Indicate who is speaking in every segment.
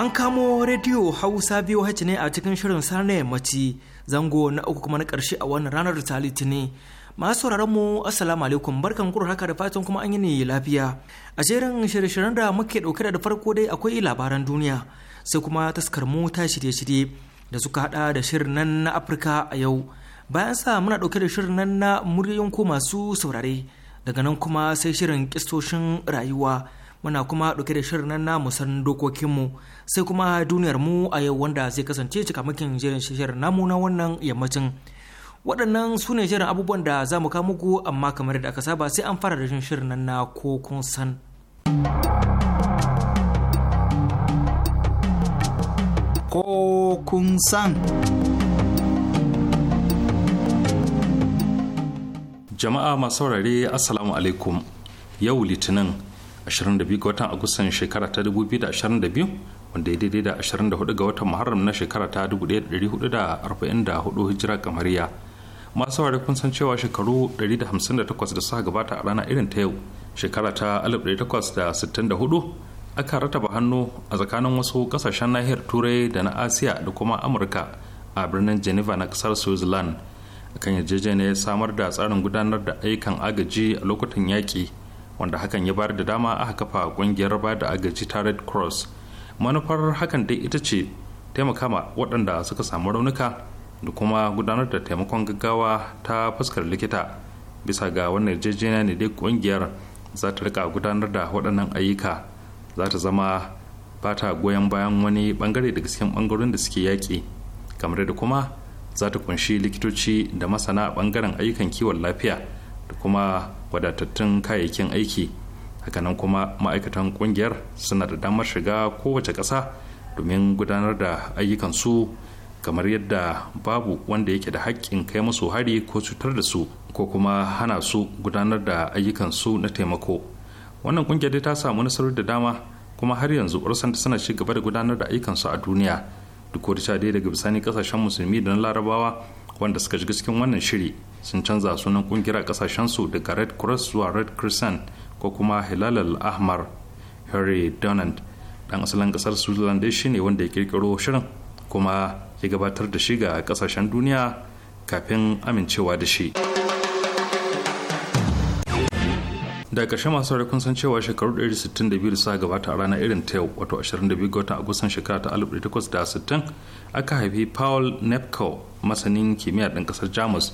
Speaker 1: An kamo rediyo Hausa biyu hace ne a cikin shirin sarne na yammaci zango na uku kuma na ƙarshe a wannan ranar ta litini. Masu sauraron mu assalamu alaikum barkan kuro haka da fatan kuma an yi ne lafiya. A jerin shirye-shiryen da muke ɗauke da farko dai akwai labaran duniya sai kuma taskar mu ta shirye-shirye da suka hada da shirin nan na Afirka a yau. Bayan sa muna ɗauke da shirin nan na muryoyin ko masu saurare daga nan kuma sai shirin kistoshin rayuwa. muna kuma ɗauke da shirin nan namu san dokokinmu sai kuma duniyar mu a yau wanda zai kasance cikamakin jirin shirin namu na wannan yammacin waɗannan su ne shirin abubuwan da za mu kawo muku amma kamar da aka saba sai an fara da jin shirin nan na ko san
Speaker 2: ko san
Speaker 3: jama'a masu saurare assalamu alaikum yau litinin 22 ga watan agustan shekara ta 2022 wanda ya daidai da 24 ga watan muharram na shekara ta 1444 hijira kamariya masu saurari kun san cewa shekaru 158 da suka gabata a rana irin ta yau shekara ta 1864 aka rataba hannu a tsakanin wasu kasashen nahiyar turai da na asiya da kuma amurka a birnin geneva na kasar switzerland akan yarjejeniyar samar da tsarin gudanar da ayyukan agaji a lokutan yaƙi wanda hakan ya bayar da dama aka kafa kungiyar ba da agaji ta red cross manufar hakan dai ita ce taimaka ma waɗanda suka samu raunuka da kuma gudanar da taimakon gaggawa ta fuskar likita bisa ga wannan yarjejeniya ne dai kungiyar za ta rika gudanar da waɗannan ayyuka za ta zama ba ta goyon bayan wani bangare daga cikin bangarorin da suke yaƙi kamar da kuma za ta kunshi likitoci da masana bangaren ayyukan kiwon lafiya da kuma wadatattun kayayyakin aiki hakanan kuma ma'aikatan kungiyar suna da damar shiga kowace ƙasa domin gudanar da ayyukansu kamar yadda babu wanda yake da haƙƙin kai musu hari ko cutar da su ko kuma hana su gudanar da ayyukansu na taimako wannan kungiyar dai ta samu nasarar da dama kuma har yanzu ursanta suna ci gaba da gudanar da ayyukansu a duniya duk da daga bisani kasashen musulmi da na larabawa wanda suka shiga cikin wannan shiri sun canza sunan kungiyar a kasashensu daga red cross zuwa red crescent ko kuma hilal ahmar harry donald dan asalin kasar switzerland shi ne wanda ya kirkiro shirin kuma ya gabatar da shi ga kasashen duniya kafin amincewa da shi da ƙarshe masu rai kun san cewa shekaru 162 da sa gabata a ranar irin ta yau wato 22 ga watan agustan shekara ta 1860 aka haifi paul nepko masanin kimiyya ɗan ƙasar jamus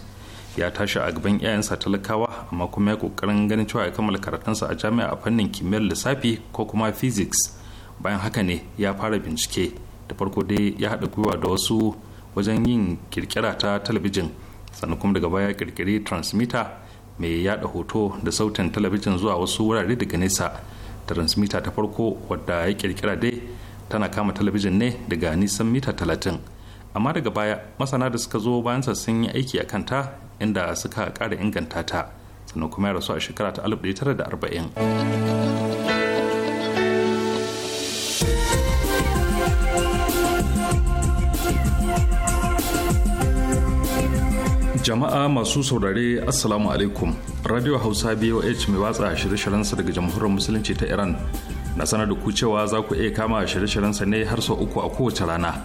Speaker 3: ya tashi a gaban 'ya'yansa talakawa amma kuma ya kokarin ganin cewa ya kammala sa a jami'a a fannin kimiyyar lissafi ko kuma physics bayan haka ne ya fara bincike da farko dai ya haɗa gwiwa da wasu wajen yin kirkira ta talabijin sannan kuma daga baya kirkiri transmitter mai yada hoto da sautin talabijin zuwa wasu wurare daga nesa transmitter ta farko wadda ya kirkira dai tana kama talabijin ne daga nisan mita talatin amma daga baya masana da suka zo bayansa sun yi aiki a kanta inda suka ƙara inganta ta sannan kuma ya rasu a shekara ta 1940 jama'a masu saurare assalamu alaikum radio hausa boh mai watsa shirye-shiryensa daga jamhuriyar musulunci ta iran na sanar da ku cewa za ku iya kama shirye-shiryensa ne har sau uku a kowace rana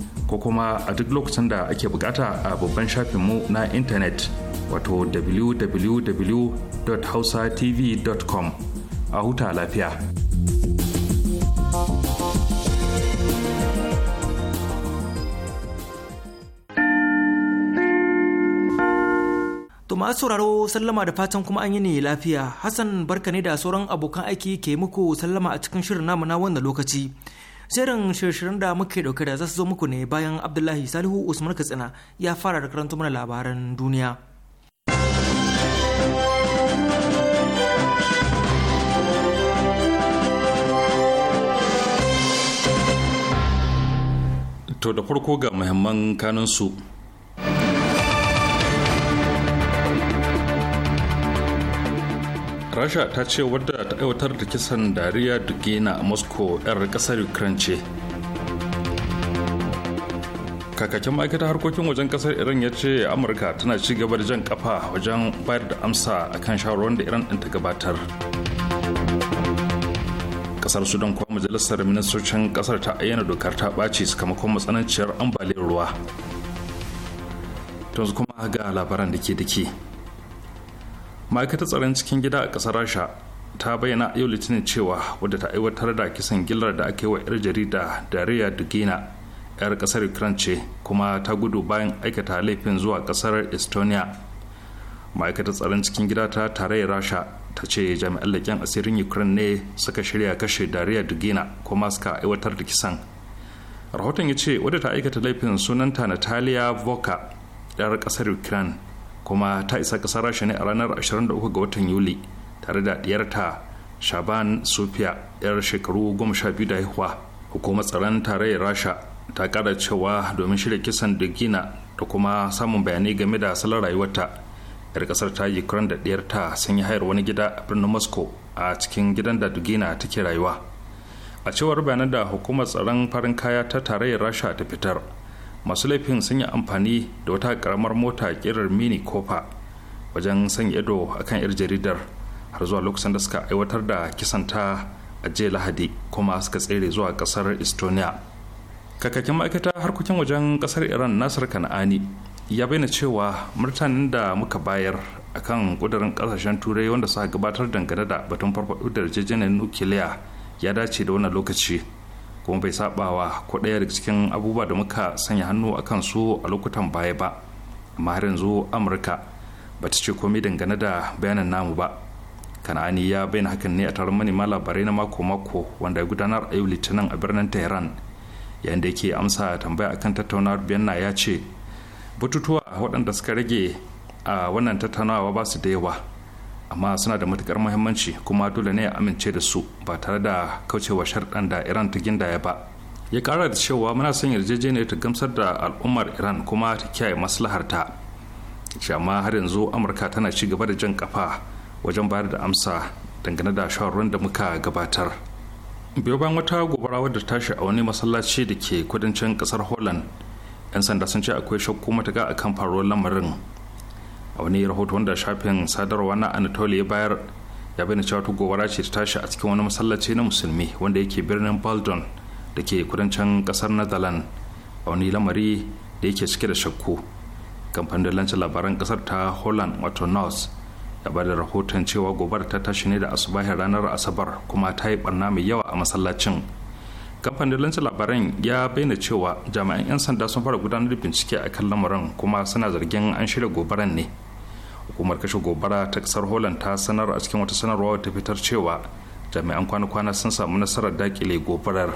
Speaker 3: ko kuma a duk lokacin da ake bukata a babban shafinmu na intanet wato www.hausatv.com a huta lafiya.
Speaker 1: To masu sauraro sallama da fatan kuma an yi ne lafiya. Hassan barka ne da sauran abokan aiki ke muku sallama a cikin shirin namu na wannan lokaci. shirin shirin da muke dauke da zasu zo muku ne bayan abdullahi salihu usman katsina ya fara da karanta mana labaran duniya
Speaker 3: to da farko ga muhimman kanunsu rasha ta ce wadda ta aiwatar da kisan dariya dugena a moscow 'yar kasar ukraine ce kakakin ma'aikatar harkokin wajen kasar iran ya ce amurka tana ci gaba da jan kafa wajen bayar da amsa a kan shawarwar da iran ta gabatar kasar sudan kuma majalisar ministocin kasar ta ayyana dokar ta ɓaci sakamakon matsananciyar ambaliyar ruwa tunzu kuma ga labaran da ke da ke ma'aikatar tsaron cikin gida a ƙasar rasha ta bayyana yau litinin cewa wadda ta aiwatar da kisan gillar da aka yi wa 'yar jarida dariya dugina 'yar kasar ukraine ce kuma ta gudu bayan aikata laifin zuwa ƙasar estonia ma'aikatar tsaron cikin gida ta tarayyar rasha ta ce jami'an leƙen asirin ukraine ne suka shirya kashe dariya dugina kuma suka aiwatar da kisan rahoton ya ce wadda ta aikata laifin sunanta natalia voka 'yar kasar ukraine kuma ta isa ƙasar rasha ne a ranar 23 ga watan yuli tare da ɗiyarta shaban sufiya yar shekaru 12 da haihuwa hukumar tsaron tarayyar rasha ta kada cewa domin shirya kisan da gina da kuma samun bayanai game da salon rayuwarta yar ƙasar ta ukraine da ɗiyarta sun yi hayar wani gida a birnin moscow a cikin gidan da dugina take rayuwa a cewar bayanan da hukumar tsaron farin kaya ta tarayyar rasha ta fitar masu laifin sun yi amfani da wata karamar mota kirar mini kofa wajen sanya ido a kan yar jaridar har zuwa lokacin da suka aiwatar da kisanta a jiya lahadi kuma suka tsere zuwa kasar estonia kakakin ma'aikata harkokin wajen kasar iran nasir kana'ani ya bayyana cewa murtanin da muka bayar akan kudurin kasashen turai wanda suka gabatar dangane da batun farfaɗo da yarjejeniyar nukiliya ya dace da wannan lokaci kuma bai sabawa ko ɗaya daga cikin abubuwa da muka sanya hannu a kansu a lokutan baya ba amma har yanzu amurka ba ta ce komai dangane da bayanan namu ba kana'ani ya bayyana hakan ne a taron manema labarai na mako-mako wanda ya gudanar a yau litinin a birnin tehran yayin da yake amsa tambaya akan tattaunawar biyanna ya ce batutuwa waɗanda suka rage a wannan tattaunawa ba su da yawa amma suna da matukar muhimmanci kuma dole ne a amince da su ba tare da kaucewa sharɗan da iran ta gindaya ba ya kara da cewa muna son yarjejeniyar ta gamsar da al'ummar iran kuma ta kiyaye maslaharta amma har yanzu amurka tana ci gaba da jan kafa wajen bayar da amsa dangane da shawarwarin da muka gabatar biyo bayan wata gobara wadda ta tashi a wani masallaci da ke kudancin kasar holland 'yan sanda sun ce akwai shakku matuka akan faruwar lamarin a wani rahoto wanda shafin sadarwa na anatolia bayar ya bayyana cewa ta gobara ce ta tashi a cikin wani masallaci na musulmi wanda yake birnin baldon da ke kudancin kasar netherlands a wani lamari da yake cike da shakku kamfanin dalancin labaran kasar ta holland wato nors ya ba da rahoton cewa gobara ta tashi ne da asubahin ranar asabar kuma ta yi barna mai yawa a masallacin kamfanin dalancin labaran ya bayyana cewa jami'an 'yan sanda sun fara gudanar da bincike a kan lamarin kuma suna zargin an shirya gobaran ne hukumar kashe gobara ta kasar holland ta sanar a cikin wata sanarwa ta fitar cewa jami'an kwana-kwana sun samu nasarar dakile gobarar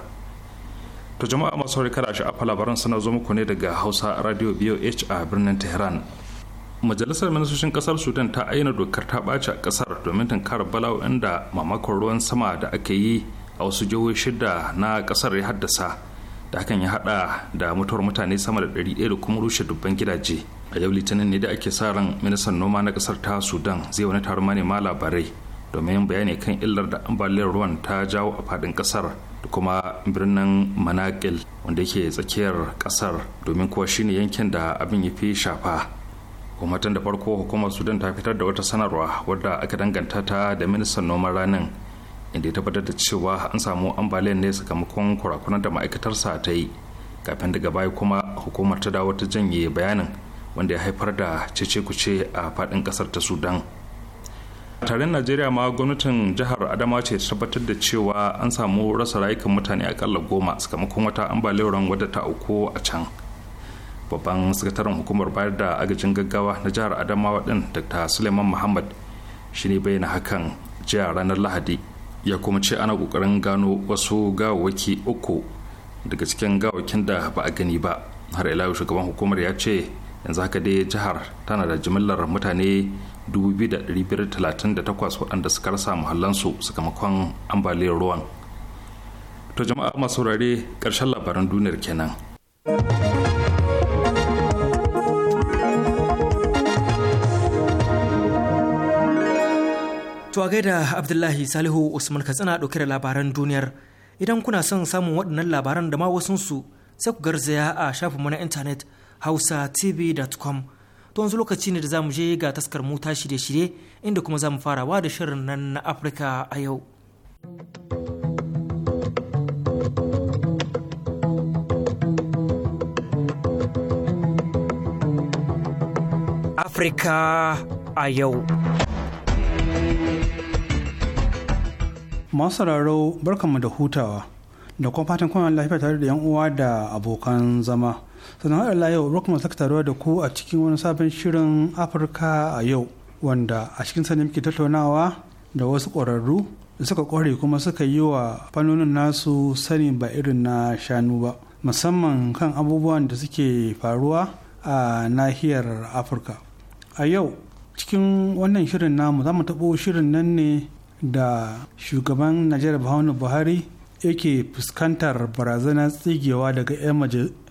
Speaker 3: to jama'a masu kada a sha'afa labaran suna zo muku ne daga hausa radio boh a birnin tehran majalisar ministocin kasar sudan ta ayyana dokar ta ɓaci a kasar domin tunkara bala'o'in da mamakon ruwan sama da aka yi a wasu jihohi shida na kasar ya haddasa da hakan ya hada da mutuwar mutane sama da 100 da kuma rushe dubban gidaje a yau litinin ne da ake sa ran ministan noma na kasar ta sudan zai wani taron manema labarai domin bayani kan illar da ambaliyar ruwan ta jawo a fadin kasar da kuma birnin manakil wanda yake tsakiyar kasar domin kuwa shine yankin da abin ya fi shafa kuma tun da farko hukumar sudan ta fitar da wata sanarwa wadda aka danganta ta da ministan noman ranar inda ya tabbatar da cewa an samu ambaliyar ne sakamakon kurakunan da ma'aikatarsa ta yi kafin daga baya kuma hukumar ta dawo ta janye bayanin wanda ya haifar da cece kuce a faɗin ƙasar ta sudan a taron najeriya ma gwamnatin jihar adama ce ta tabbatar da cewa an samu rasa rayukan mutane akalla goma sakamakon wata ambaliyar wadda ta auku a can babban sakataren hukumar bayar da agajin gaggawa na jihar adamawa din dr suleiman muhammad shi ne bayyana hakan jiya ranar lahadi ya kuma ce ana kokarin gano wasu gawaki uku daga cikin gawakin da ba a gani ba har ila shugaban hukumar ya ce yanzu haka dai jihar tana da jimillar mutane 2,538 waɗanda suka rasa muhallansu sakamakon ambaliyar ruwan to jama'a masu saurare ƙarshen labaran duniyar kenan.
Speaker 1: To a gaida Abdullahi Salihu Usman Katsina ɗauke da labaran duniyar. Idan kuna son samun waɗannan labaran da ma wasunsu sai ku garzaya a shafin na intanet hausa hausatv.com. To yanzu lokaci ne da za mu je ga taskar mota ta shirye-shirye inda kuma za mu wa da shirin nan na Afirka a yau.
Speaker 4: Afirka a yau. masu sauraro barkanmu da hutawa da kuma fatan kuna lafiya tare da yan uwa da abokan zama sannan har Allah yau barkanmu saka taruwa da ku a cikin wani sabon shirin Afirka a yau wanda a cikin sani muke tattaunawa da wasu ƙwararru da suka ƙware kuma suka yi wa fannonin nasu sani ba irin na shanu ba musamman kan abubuwan da suke faruwa a nahiyar Afirka a yau cikin wannan shirin namu za mu taɓo shirin nan ne da shugaban najeriya Bahaunu buhari yake fuskantar barazanar tsigewa daga 'yan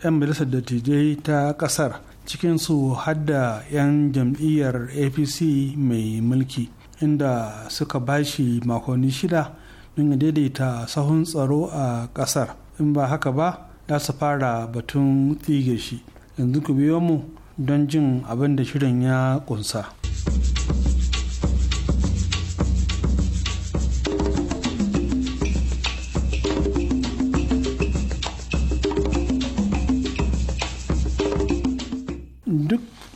Speaker 4: majalisar dattijai ta kasar cikinsu hadda 'yan jam'iyyar apc mai mulki inda suka bashi makonni shida don ya daidaita sahun tsaro a kasar in ba haka ba za su fara batun tsige shi yanzu ku biyo mu don jin abin da shirin ya kunsa.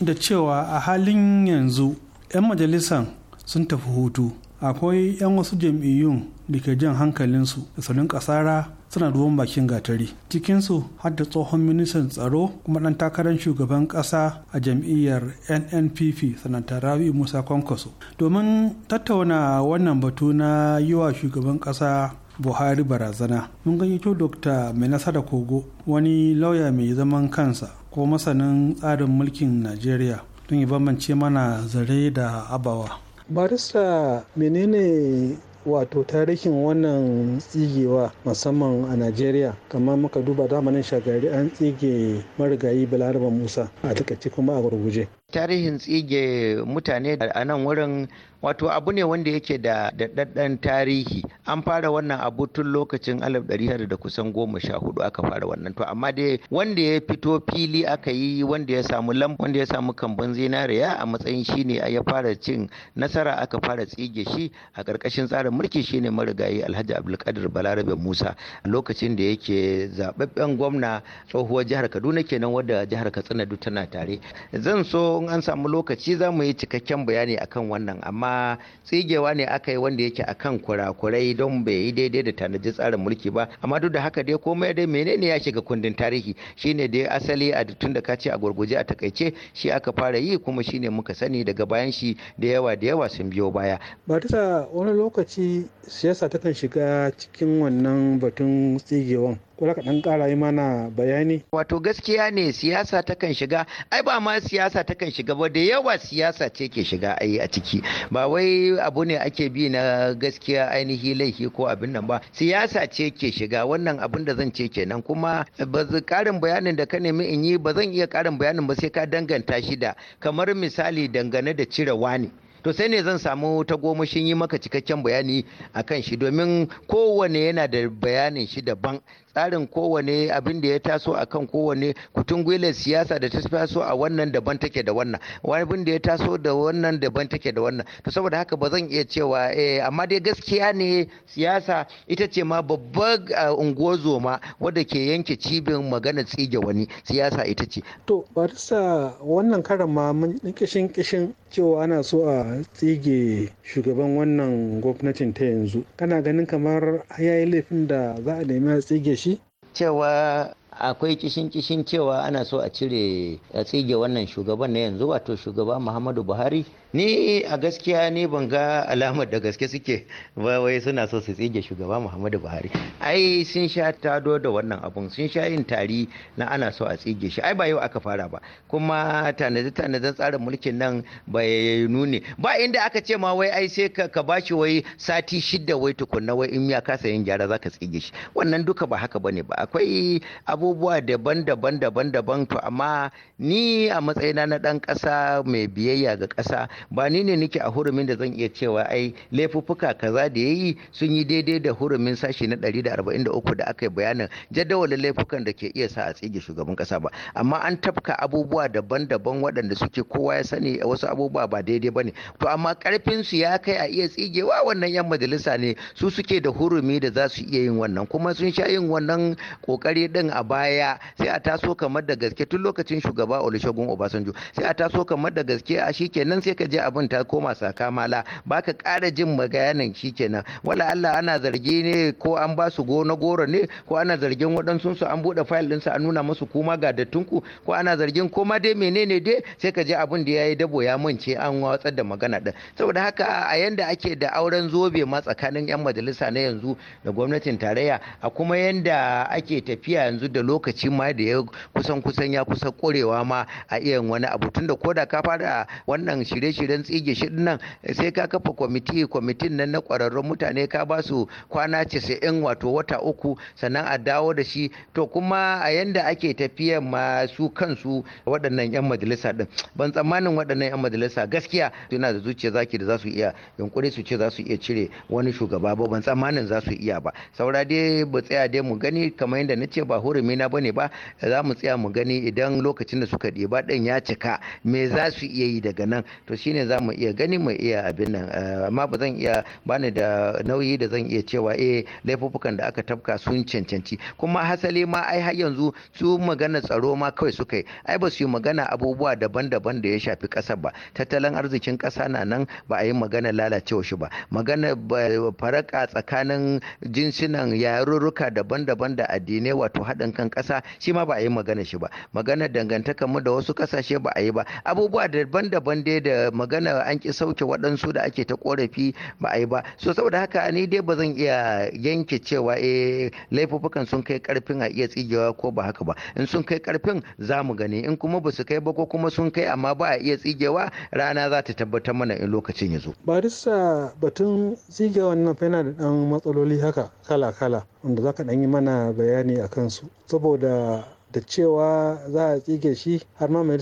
Speaker 4: da cewa a halin yanzu 'yan majalisan sun tafi hutu akwai 'yan wasu jam'iyyun da ke jan hankalinsu da sanin kasara suna ruwan bakin gatari cikinsu har da tsohon ministan tsaro kuma ɗan takarar shugaban ƙasa a jam'iyyar nnpp sanata rabi musa kwankwaso domin tattauna wannan batu na yi wa shugaban ƙasa buhari barazana mun gayyato dr mai nasara kogo wani lauya mai zaman kansa ko masanin tsarin mulkin najeriya tun ya bambance mana zare da abawa barista menene wato tarihin wannan tsigewa musamman a najeriya kamar muka duba zamanin shagari an tsige marigayi balaraba musa a takaice kuma a gurguje
Speaker 5: tarihin tsige mutane a nan wurin wato abu ne wanda yake da daɗaɗɗen tarihi an fara wannan abu tun lokacin alif ɗari tara da kusan goma sha hudu aka fara wannan to amma dai wanda ya fito fili aka yi wanda ya samu lamba wanda ya samu kambun zinariya a matsayin shine ya fara cin nasara aka fara tsige shi a ƙarƙashin tsarin mulki shine marigayi alhaji abdulkadir balarabe musa lokacin da yake zaɓaɓɓen gwamna tsohuwar jihar kaduna kenan wadda jihar katsina duk tana tare zan so in an samu lokaci za mu yi cikakken bayani akan wannan amma amma tsigewa ne aka yi wanda yake akan kurakurai don bai yi daidai da tanaji tsarin mulki ba amma duk da haka dai komai dai menene ya shiga kundin tarihi shine dai asali a tun da ka a gurguje a takaice shi aka fara yi kuma shine muka sani daga bayan shi da yawa da yawa sun biyo baya
Speaker 4: ba ta wani lokaci siyasa takan shiga cikin wannan batun tsigewan ka dan kara yi mana bayani
Speaker 5: wato gaskiya ne siyasa takan shiga ai ba ma siyasa takan shiga ba da yawa siyasa ce ke shiga ai a ciki ba wai abu ne ake bi na gaskiya ainihi laifi ko abin nan ba siyasa ce ke shiga wannan abin da zan ce kenan kuma ba karin bayanin da ka nemi in yi ba zan iya karin bayanin ba sai ka danganta shi da kamar misali dangane da cire wani to sai ne zan samu ta shin yi maka cikakken bayani a kan shi domin kowane yana da bayanin shi daban tsarin kowane abin da ya taso a kan kowane kutungwilar siyasa da ta taso a wannan daban take da wannan wani abin da ya taso da wannan daban take da wannan to saboda haka ba zan iya cewa eh amma dai gaskiya ne siyasa ita ce ma babbar eh, unguwar wadda ke yanke cibin magana tsige wani siyasa ita ce
Speaker 4: to barisa wannan karan ma mun kishin kishin cewa ana so a tsige shugaban wannan gwamnatin ta yanzu kana ganin kamar ya yi laifin da za a nemi a tsige shi
Speaker 5: cewa akwai kishin kishin cewa ana so a cire a tsige wannan shugaban na yanzu wato shugaba muhammadu buhari ni a gaskiya ni ban ga alamar da gaske suke ba wai suna so su tsige shugaba muhammadu buhari ai sun sha tado da wannan abun sun sha yin tari na ana so a tsige shi ai ba yau aka fara ba kuma tanadi tanadin tsarin mulkin nan bai nuni ba inda aka ce ma wai ai sai ka, bashi wai sati shida wai tukunna wai in ya kasa yin gyara zaka tsige shi wannan duka ba haka bane ba akwai abubuwa daban-daban daban-daban to amma ni a matsayina na dan kasa mai biyayya ga kasa ba ni ne nake a hurumin da zan iya cewa ai laifuffuka kaza da yayi sun yi daidai da hurumin sashi na 143 da aka yi bayanin jadawalin laifukan da ke iya sa a tsige shugaban kasa ba amma an tafka abubuwa daban-daban waɗanda suke kowa ya sani wasu abubuwa ba daidai bane to amma karfin su ya kai a iya tsigewa wannan yan majalisa ne su suke da hurumi da za su iya yin wannan kuma sun sha yin wannan kokari din a baya sai a taso kamar da gaske tun lokacin shugaba Olusegun Obasanjo sai a taso kamar da gaske a shikenan sai ka je abin ta koma sakamala baka kara jin shi kenan wala Allah ana zargi ne ko an ba su gona goro ne ko ana zargin waɗansu su an buɗe fayil ɗinsu a nuna musu kuma ga dattunku ko ana zargin koma dai menene dai sai ka je abin da yi dabo ya mance an watsar da magana din saboda haka a yanda ake da auren zobe ma tsakanin yan majalisa na yanzu da gwamnatin tarayya a kuma yanda ake tafiya yanzu da lokaci ma da ya kusan kusan ya kusa korewa ma a iya wani abu tunda koda ka fara wannan shirye shirye-shiryen tsige shi nan sai ka kafa kwamiti kwamitin nan na kwararrun mutane ka ba su kwana 90 wato wata uku sannan a dawo da shi to kuma a yanda ake tafiya masu kansu waɗannan 'yan majalisa din ban tsammanin waɗannan 'yan majalisa gaskiya suna da zuciya zaki da za su iya yunkuri su ce za su iya cire wani shugaba ba ban tsammanin za su iya ba saura dai ba tsaya dai mu gani kamar yadda na ce ba hurumi na bane ba za mu tsaya mu gani idan lokacin da suka ɗiba ɗin ya cika me za su iya yi daga nan to shine za mu iya gani mu iya abin nan eh, amma ba zan iya bani da nauyi da zan iya cewa eh laifuffukan da aka tafka sun cancanci kuma hasali ma ai har yanzu su magana tsaro ma kawai suka yi ai ba su yi magana abubuwa daban-daban da ya shafi ƙasar ba tattalin arzikin ƙasa na nan ba a yi magana lalacewa shi ba magana eh, faraka tsakanin jinsinan yarurruka daban-daban da addinai wato haɗin kan ƙasa shi ma ba a yi magana shi ba magana dangantakar mu da wasu ƙasashe ba a yi ba abubuwa daban-daban dai da magana an ki sauke waɗansu da ake ta korafi ba a yi ba so saboda haka ni dai ba zan iya yanke cewa e laifuffukan sun kai karfin a iya tsigewa ko ba haka ba in sun kai karfin za mu gani in kuma ba su kai ba ko kuma sun kai amma ba a iya tsigewa rana za ta tabbatar mana in lokacin ya zo
Speaker 4: barista batun tsige wannan yana da dan matsaloli haka kala kala wanda za ka dan yi mana bayani a kansu saboda da cewa za a tsige shi har ma mai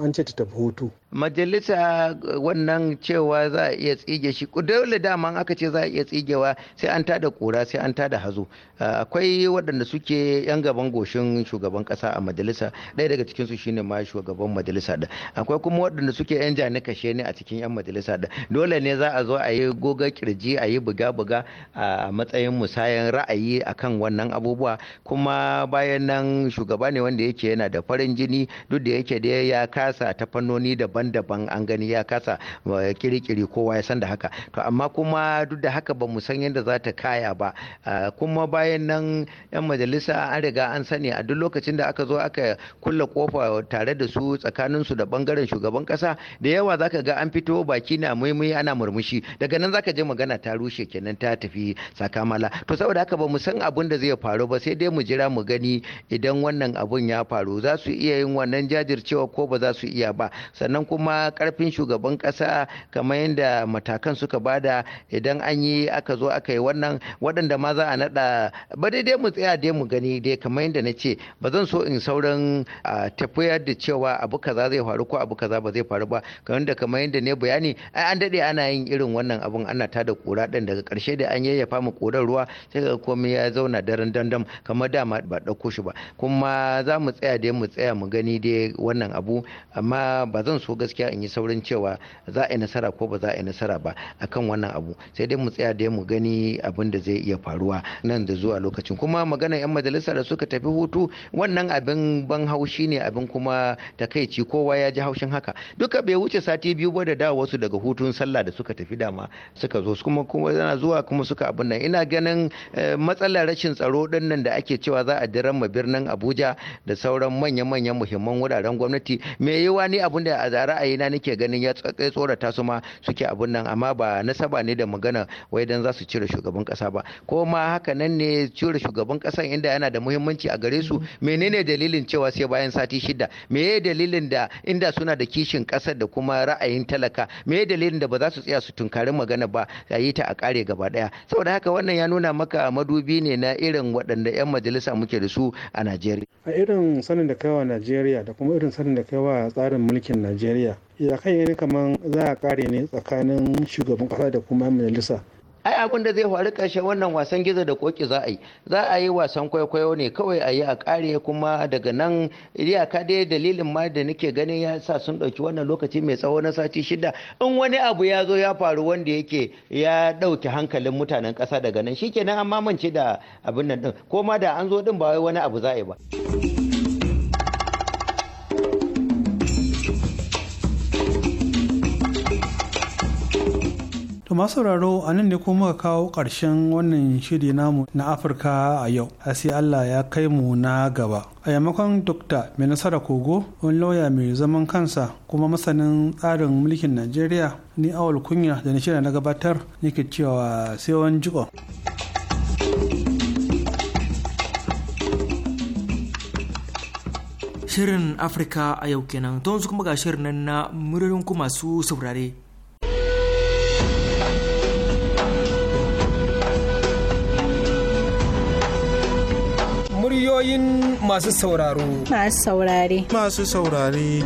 Speaker 4: an ce ta tafi hutu
Speaker 5: majalisa wannan cewa za a iya tsige shi dole daman aka ce za a iya tsigewa sai an tada kura sai an tada hazo akwai waɗanda suke yan gaban goshin shugaban ƙasa a majalisa ɗaya daga cikinsu shine ma shugaban majalisa da akwai kuma waɗanda suke yan jani kashe ne a cikin yan majalisa da dole ne za a zo a yi goga kirji a yi buga buga a matsayin musayan ra'ayi akan wannan abubuwa kuma bayan nan shugaba ne wanda yake yana da farin jini duk da yake da ya kasa ta fannoni da daban-daban an gani ya kasa eh, kirikiri kowa ya san da haka to amma kuma duk da haka ba mu san yadda za ta kaya ba eh, kuma bayan nan yan majalisa an riga an sani a duk lokacin da aka zo aka kulla kofa tare da su tsakanin su da bangaren shugaban kasa da yawa zaka ga an fito baki na maimai ana murmushi daga nan zaka je magana ta rushe kenan ta tafi sakamala to saboda haka ba mu san abun da zai faru ba sai dai mu jira mu gani idan wannan abun ya faru za su iya yin wannan jajircewa ko ba za su iya ba sannan kuma karfin shugaban kasa kamar yadda matakan suka bada idan an yi aka zo aka yi wannan waɗanda ma za a naɗa ba daidai mu tsaya dai mu gani dai kamar yadda na ce ba zan so in saurin tafiyar da cewa abu kaza zai faru ko abu kaza ba zai faru ba kamar yadda kamar yadda ne bayani ai an daɗe ana yin irin wannan abun ana tada kura ɗin daga ƙarshe da an yayyafa mu korar ruwa sai ga komai ya zauna daren dandam kamar dama ba ɗauko shi ba kuma za mu tsaya dai mu tsaya mu gani dai wannan abu amma ba zan so gaskiya in yi saurin cewa za a yi nasara ko ba za a yi nasara ba akan wannan abu sai dai mu tsaya dai mu gani abin da zai iya faruwa nan da zuwa lokacin kuma magana yan majalisa da suka tafi hutu wannan abin ban haushi ne abin kuma takaici kowa ya ji haushin haka duka bai wuce sati biyu ba da dawo wasu daga hutun sallah da suka tafi dama suka zo kuma kuma yana zuwa kuma suka abin nan ina ganin eh, matsalar rashin tsaro din nan da ake cewa za a diran ma birnin Abuja da sauran manya-manyan muhimman wuraren gwamnati me yiwa ne abin da a ra'ayina nake ganin ya tsorata su ma suke abin nan amma ba nasaba ne da magana wai dan za su cire shugaban kasa ba ko ma haka nan ne cire shugaban kasan inda yana da muhimmanci a gare su menene dalilin cewa sai bayan sati shida meye dalilin da inda suna da kishin kasar da kuma ra'ayin talaka meye dalilin da ba za su tsaya su tunkari magana ba a yi ta a kare gaba daya saboda haka wannan ya nuna maka madubi ne na irin waɗanda 'yan majalisa muke da su a najeriya
Speaker 4: a irin sanin da kaiwa najeriya da kuma irin sanin da kaiwa tsarin mulkin najeriya najeriya ya kai ne kamar za a kare ne tsakanin shugaban kasa da kuma majalisa
Speaker 5: ai abin da zai faru karshe wannan wasan gizo da koki za a yi za a yi wasan kwaikwayo ne kawai a yi a ƙare kuma daga nan iyaka dai dalilin ma da nake ganin ya sa sun ɗauki wannan lokaci mai tsawo na sati shida in wani abu ya zo ya faru wanda yake ya ɗauki hankalin mutanen ƙasa daga nan shikenan an mamance da abin nan ɗin ko ma da an zo ɗin ba wai wani abu za a yi ba.
Speaker 4: To masu sauraro a nan ne kuma kawo ƙarshen wannan shiri namu na Afirka a yau, a sai Allah ya kai mu na gaba. A yamakon Dokta Mai Nasara Kogo, wani lauya mai zaman kansa kuma masanin tsarin mulkin Najeriya, ni awal kunya da na shirya na gabatar nake cewa sai wani jiko.
Speaker 1: Shirin Afirka a yau kenan, don su kuma ga shirin na muririn ku masu saurare. ra'ayoyin masu sauraro.
Speaker 6: Masu
Speaker 4: saurare. Masu saurare.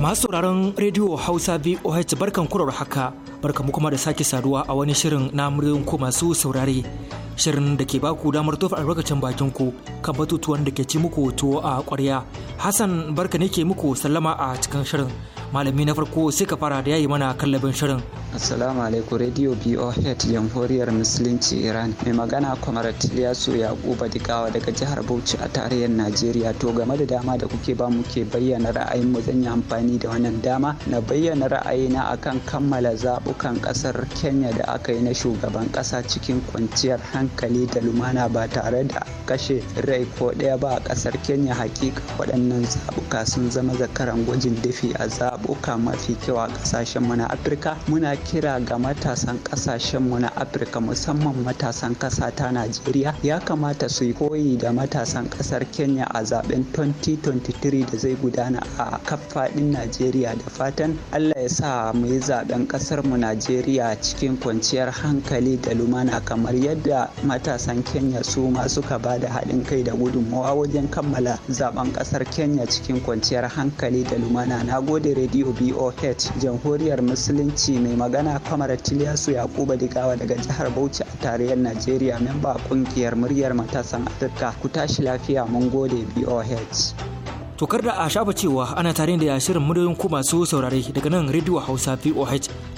Speaker 1: Masu sauraron Radio Hausa VOH barkan kurar haka barka mu kuma da sake saduwa a wani shirin na muryoyin ku masu saurare. Shirin da ke baku damar tofa albarkacin bakin ku kan batutuwan da ke ci muku tuwo a kwarya Hassan barka ne ke muku sallama a cikin shirin. malami na farko sai ka fara da yayi mana kallabin shirin
Speaker 2: assalamu alaikum radio bohet jamhuriyar musulunci iran mai magana kwamar tiliyasu yakuba digawa daga jihar bauchi a tarayyar najeriya to game da dama da kuke ba mu ke bayyana ra'ayin mu zan yi amfani da wannan dama na bayyana ra'ayina akan kammala zabukan kasar kenya da aka yi na shugaban kasa cikin kwanciyar hankali da lumana ba tare da kashe rai ko ɗaya ba a kasar kenya hakika waɗannan zabuka sun zama zakaran gwajin dafi a zaɓuka mafi kyau a ƙasashen mu na afirka muna kira ga matasan ƙasashen mu na afirka musamman matasan ƙasa ta najeriya ya kamata su yi koyi da matasan ƙasar kenya a zaɓen 2023 da zai gudana a kafaɗin najeriya da fatan allah ya sa mu yi zaɓen mu najeriya cikin kwanciyar hankali da lumana kamar yadda matasan kenya su ma suka ba da haɗin kai da gudunmawa wajen kammala zaɓen ƙasar kenya cikin kwanciyar hankali da lumana na gode rediyo boh jamhuriyar musulunci mai magana kwamar tiliyasu yakuba digawa daga jihar bauchi a tarayyar najeriya memba kungiyar muryar matasan afirka ku tashi lafiya mun gode boh
Speaker 1: tokar da a shafa cewa ana tare da shirin muryoyin ku masu saurare daga nan rediyo hausa voh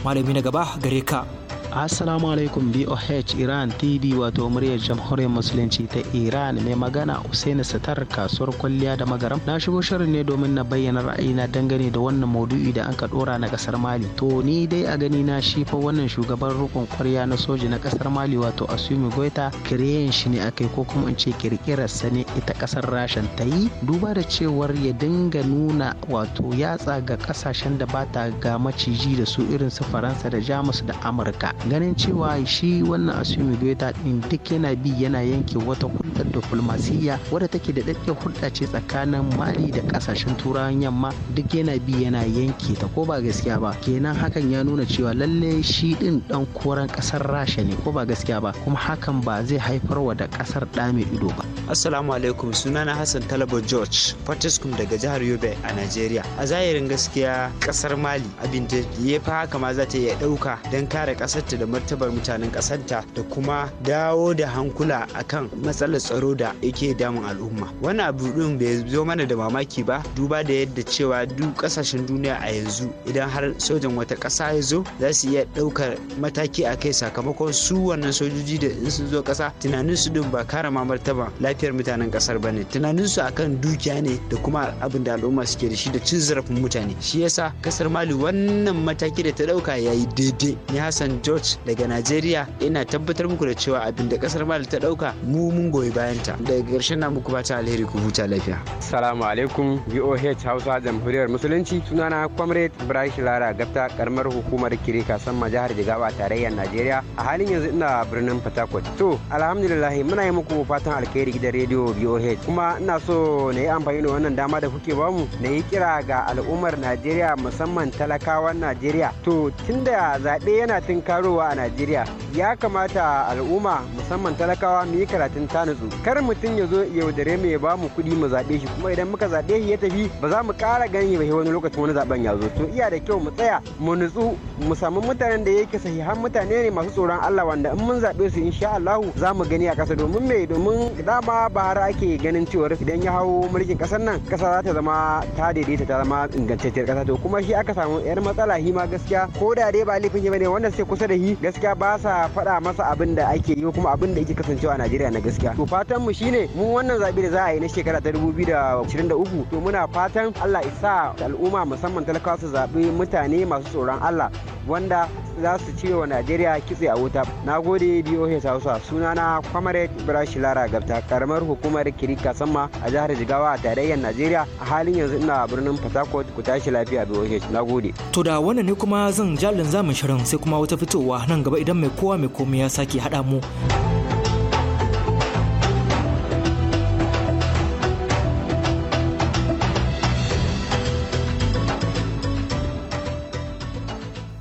Speaker 1: malami na gaba gare ka
Speaker 2: Assalamu alaikum BOH Iran TV wato muryar jamhuriyar musulunci ta Iran mai
Speaker 5: magana Usaini Satar kasuwar kwalliya da magaram na shigo shirin ne domin na bayyana ra'ayina dangane da wannan maudu'i da anka dora na kasar Mali to ni dai a gani na shi fa wannan shugaban rukun kwarya na soji na kasar Mali wato Asumi Goita kireyen shi ne akai ko kuma in ce kirkirar sa ne ita kasar Rashan ta yi duba da cewar ya dinga nuna wato yatsa ga kasashen da ba ta ga maciji da su irin su Faransa da Jamus da Amurka ganin cewa shi wannan asumi goita din duk yana bi yana yanke wata hulɗar diflomasiyya wadda take da ɗaɗɗe hulɗa ce tsakanin mali da ƙasashen turawan yamma duk yana bi yana yanke ta ko ba gaskiya ba kenan hakan ya nuna cewa lalle shi din ɗan koren ƙasar rasha ne ko ba gaskiya ba kuma hakan ba zai haifar wa da ƙasar ɗa ido ba
Speaker 2: assalamu alaikum sunana hassan talaba george fortescue daga jihar yobe a Najeriya. a zahirin gaskiya kasar mali abin da ya fa haka ma za ta iya ɗauka don kare ƙasarta da martabar mutanen ƙasarta da kuma dawo da hankula akan matsalar tsaro da yake damun al'umma wannan abu ɗin bai zo mana da mamaki ba duba da yadda cewa duk ƙasashen duniya a yanzu idan har sojan wata ƙasa ya zo za su iya ɗaukar mataki a kai sakamakon su wannan sojoji da in sun zo ƙasa tunanin su ɗin ba kare ma martaba lafiyar mutanen kasar bane tunaninsu akan dukiya ne da kuma abin da al'umma suke da shi da cin zarafin mutane shi yasa kasar mali wannan mataki da ta dauka yayi daidai ni hassan george daga nigeria ina tabbatar muku da cewa abin da kasar mali ta dauka mu mun goyi bayanta daga karshen na muku ta alheri ku huta lafiya
Speaker 6: salamu alaikum voh hausa jamhuriyar musulunci sunana comrade ibrahim lara gafta karamar hukumar kirika san jihar jigawa tarayyar nigeria a halin yanzu ina birnin fatakwal to alhamdulillah muna yi muku fatan alkhairi da rediyo boh kuma ina so na yi amfani da wannan dama da kuke bamu na yi kira ga al'ummar najeriya musamman talakawan najeriya to tunda zaɓe yana tunkarowa a najeriya ya kamata al'umma musamman talakawa mu yi karatun nutsu kar mutum ya zo yaudare mu ya bamu kuɗi mu zaɓe shi kuma idan muka zaɓe shi ya tafi ba za mu ƙara gani ba wani lokacin wani zaɓen ya zo to iya da kyau mu tsaya mu nutsu mu samu mutanen da yake sahihan mutane ne masu tsoron Allah wanda in mun zaɓe su insha allahu za mu gani a kasa domin me domin dama kuma bara ake ganin cewar idan ya hau mulkin kasar nan kasa za ta zama ta daidaita ta zama ingantacciyar kasa to kuma shi aka samu yar matsala hi ma gaskiya ko da dai ba laifin shi bane wanda suke kusa da shi gaskiya ba sa faɗa masa abin da ake yi kuma abin da yake kasancewa a Najeriya na gaskiya to fatan mu shine mu wannan zabi da za a yi na shekara ta 2023 to muna fatan Allah isa al'umma musamman talakawa su zabi mutane masu tsoron Allah wanda za su ce wa najeriya kitse a wuta na gode boh hausa sunana comrade ibrahim lara gabta karamar hukumar kirika sama a jihar jigawa a tarayyar najeriya a halin yanzu ina birnin port ku tashi
Speaker 1: lafiya DOH. na gode to da wannan ne kuma zan jalin zamin shirin sai kuma wata fitowa nan gaba idan mai kowa mai komai ya sake haɗa mu.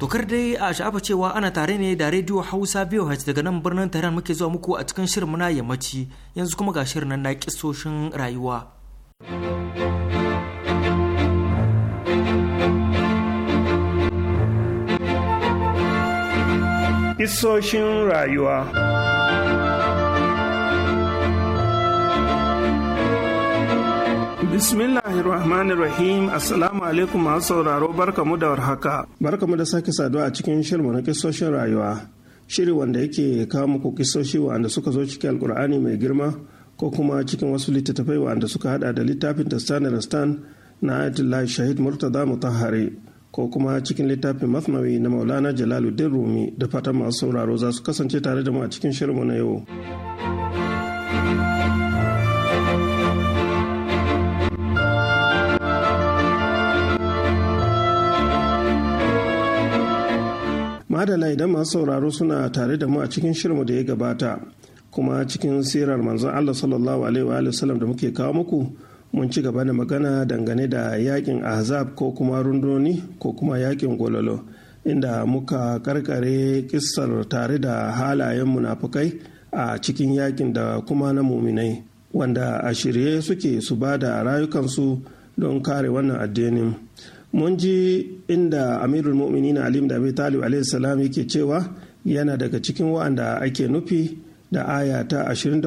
Speaker 1: Tokar dai a sha'afa cewa ana tare ne da rediyo Hausa biyu hajji daga nan birnin Tehran muke zuwa muku a cikin shirin muna yammaci yanzu kuma ga shirin nan na kisoshin rayuwa.
Speaker 7: Kisoshin rayuwa rahim Assalamu alaikum masu sauraro mu da warhaka. mu da sake saduwa a cikin shirin na kisoshin rayuwa. Shiri wanda yake kawo muku kisoshi wanda suka zo cikin alkur'ani mai girma ko kuma cikin wasu littattafai wanda suka hada da littafin Tastanar Stan na Ayatollah Shahid Murtaza Mutahari ko kuma cikin littafin Masnawi na Maulana Jalaluddin Rumi da fatan masu sauraro za su kasance tare da mu a cikin mu na yau. madala idan masu sauraro suna tare da mu a cikin shirmu da ya gabata kuma cikin sirar manzon allah sallallahu alaihi wa sallam da muke kawo muku mun ci gaba da magana dangane da yakin azab ko kuma rundoni ko kuma yakin gololo inda muka karkare kissar tare da halayen munafukai a cikin yakin da kuma na muminai wanda a shirye suke su ba da rayukansu don kare wannan addinin mun ji inda amirul mu'minin alim da abi talib salam yake cewa yana daga cikin wa'anda ake nufi da aya ta 23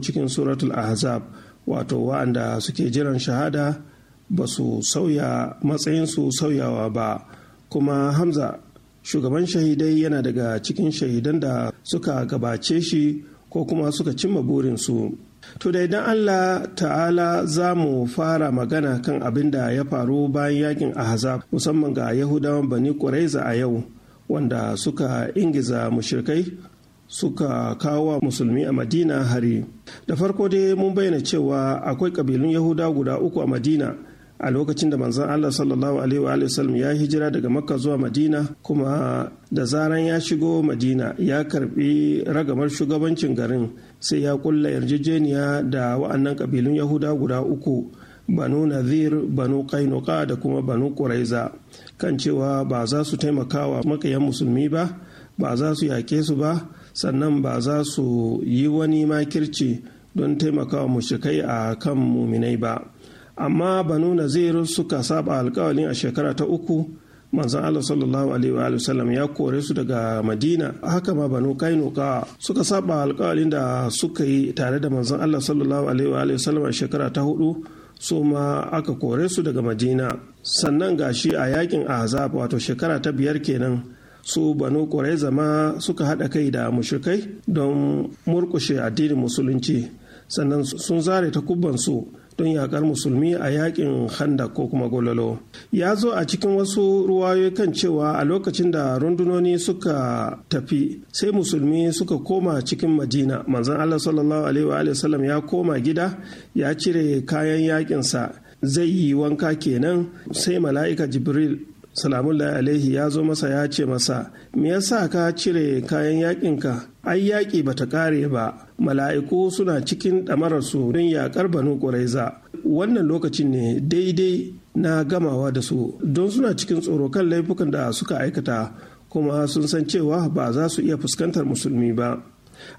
Speaker 7: cikin suratul ahzab wato wa'anda suke jiran shahada ba su sauya matsayinsu sauyawa ba kuma hamza shugaban shahidai yana daga cikin shahidan da suka gabace shi ko kuma suka cimma burinsu To da idan Allah ta'ala za mu fara magana kan abin da ya faru bayan yakin Ahzab musamman ga Yahudawan Bani Quraiza a yau wanda suka ingiza mushirkai suka kawo wa musulmi a Madina hari. Da farko dai mun bayyana cewa akwai kabilun Yahuda guda uku a Madina a lokacin da manzon Allah sallallahu alaihi wa ya hijira daga Makka zuwa Madina kuma da zaran ya shigo Madina ya karbi ragamar shugabancin garin sai ya kulla yarjejeniya da wa'annan kabilun yahuda guda uku banu nazir banu kainuka da kuma banu kuraiza kan cewa ba za su taimakawa makayan musulmi ba ba za su yake su ba sannan ba za su yi wani makirci don taimakawa mushrikai a kan muminai ba amma banu nazir suka saba alkawalin a shekara ta uku manzon Allah sallallahu alaihi wa sallam ya kore su daga Madina haka ma banu Kainuka suka saba alƙawarin da suka yi tare da manzon Allah sallallahu alaihi wa sallam a shekara ta hudu su ma aka kore su daga Madina sannan gashi a yakin Ahzab wato shekara ta biyar kenan su banu kore zama suka haɗa kai da mushrikai don murkushe addinin musulunci sannan sun zare takubban su don yakar musulmi a yakin handa ko kuma gololo ya zo a cikin wasu ruwayoyi kan cewa a lokacin da rundunoni suka tafi sai musulmi suka koma cikin madina manzon allah sallallahu alaihi wa sallam ya koma gida ya cire kayan yakinsa zai yi wanka kenan sai mala'ika jibril salamullahi alaihi ya zo masa ya ce masa me yasa ka cire kayan yakinka ai yaƙi bata kare ba mala'iku suna cikin ɗamararsu don yaƙar banu ƙuraiza wannan lokacin ne daidai na gamawa da su don suna cikin tsoro kan laifukan da suka aikata kuma sun san cewa ba za su iya fuskantar musulmi ba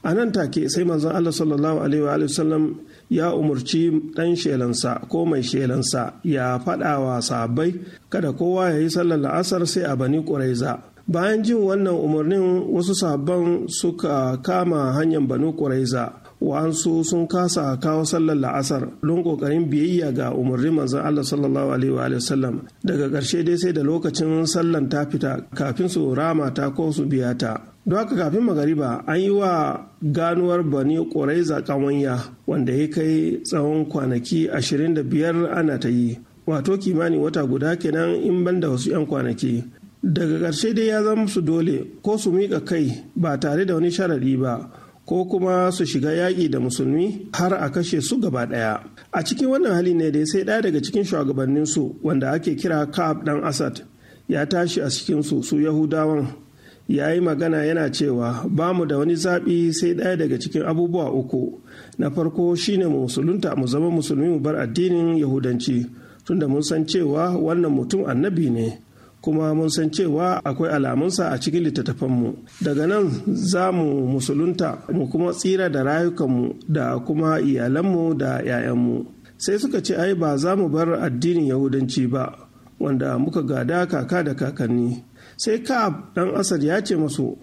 Speaker 7: a nan take sai manzon Allah sallallahu alaihi wa sallam ya umarci dan shelansa ko mai shelansa ya faɗa wa sahabbai kada kowa ya yi sallar la'asar sai a bani ƙuraiza bayan jin wannan umarnin wasu sahabban suka kama hanyar banu ƙuraiza wa'ansu sun kasa kawo sallar la'asar don kokarin biyayya ga umarnin manzon Allah sallallahu alaihi wa sallam daga ƙarshe dai sai da lokacin sallan ta fita kafin su rama ta ko su biya ta don haka kafin magariba an yi wa ganuwar bani ƙuraiza ƙawanya wanda ya kai tsawon kwanaki 25 ana ta yi wato kimanin wata guda kenan in banda wasu 'yan kwanaki daga ƙarshe dai ya zama su dole ko su mika kai ba tare da wani sharari ba ko kuma su shiga yaƙi da musulmi har a kashe su gaba ɗaya a cikin wannan hali ne dai sai ɗaya daga cikin shugabanninsu wanda ake kira ka'ab ɗan asad ya tashi a su su yahudawan ya yi magana yana cewa ba mu da wani zaɓi sai ɗaya daga cikin abubuwa uku na farko shine mu musulunta mu zama musulmi mu bar addinin yahudanci tunda mun san cewa wannan mutum annabi ne kuma mun san cewa akwai alamunsa a cikin littattafanmu daga nan za mu musulunta mu kuma tsira da rayukanmu da kuma iyalanmu da 'ya'yanmu sai suka ce ai ba za mu bar addinin yahudanci ba wanda muka gada kaka da kakanni sai ka dan asad ya ce masu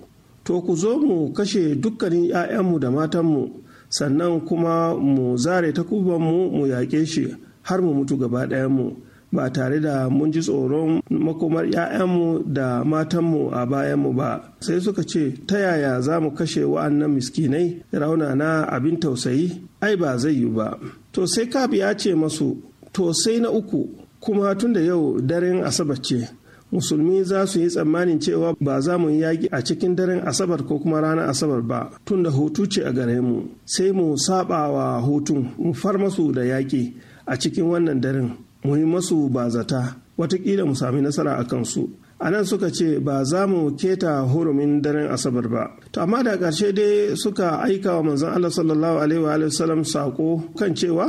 Speaker 7: to ku zo mu kashe dukkanin 'ya'yanmu da matanmu sannan kuma mu zare takubanmu mu yaƙe shi har mu mutu gaba ɗayanmu ba tare da mun ji tsoron makomar 'ya'yanmu da matanmu a bayanmu ba sai suka ce ta yaya za mu kashe wa'annan miskinai na abin tausayi ai ba zai yi ba to sai kabi ya ce masu to sai na uku kuma tun da yau daren asabar ce musulmi za su yi tsammanin cewa ba za mu yi yaƙi a cikin daren asabar ko kuma ranar asabar ba tun da hutu ce a gare mu sai mu saba wa hutun mu far masu da yaƙi a cikin wannan daren mu yi masu ba zata watakila mu sami nasara a kansu a nan suka ce ba za mu keta hurumin daren asabar ba to amma da ƙarshe dai suka aika wa manzon Allah sallallahu alaihi wa sallam sako kan cewa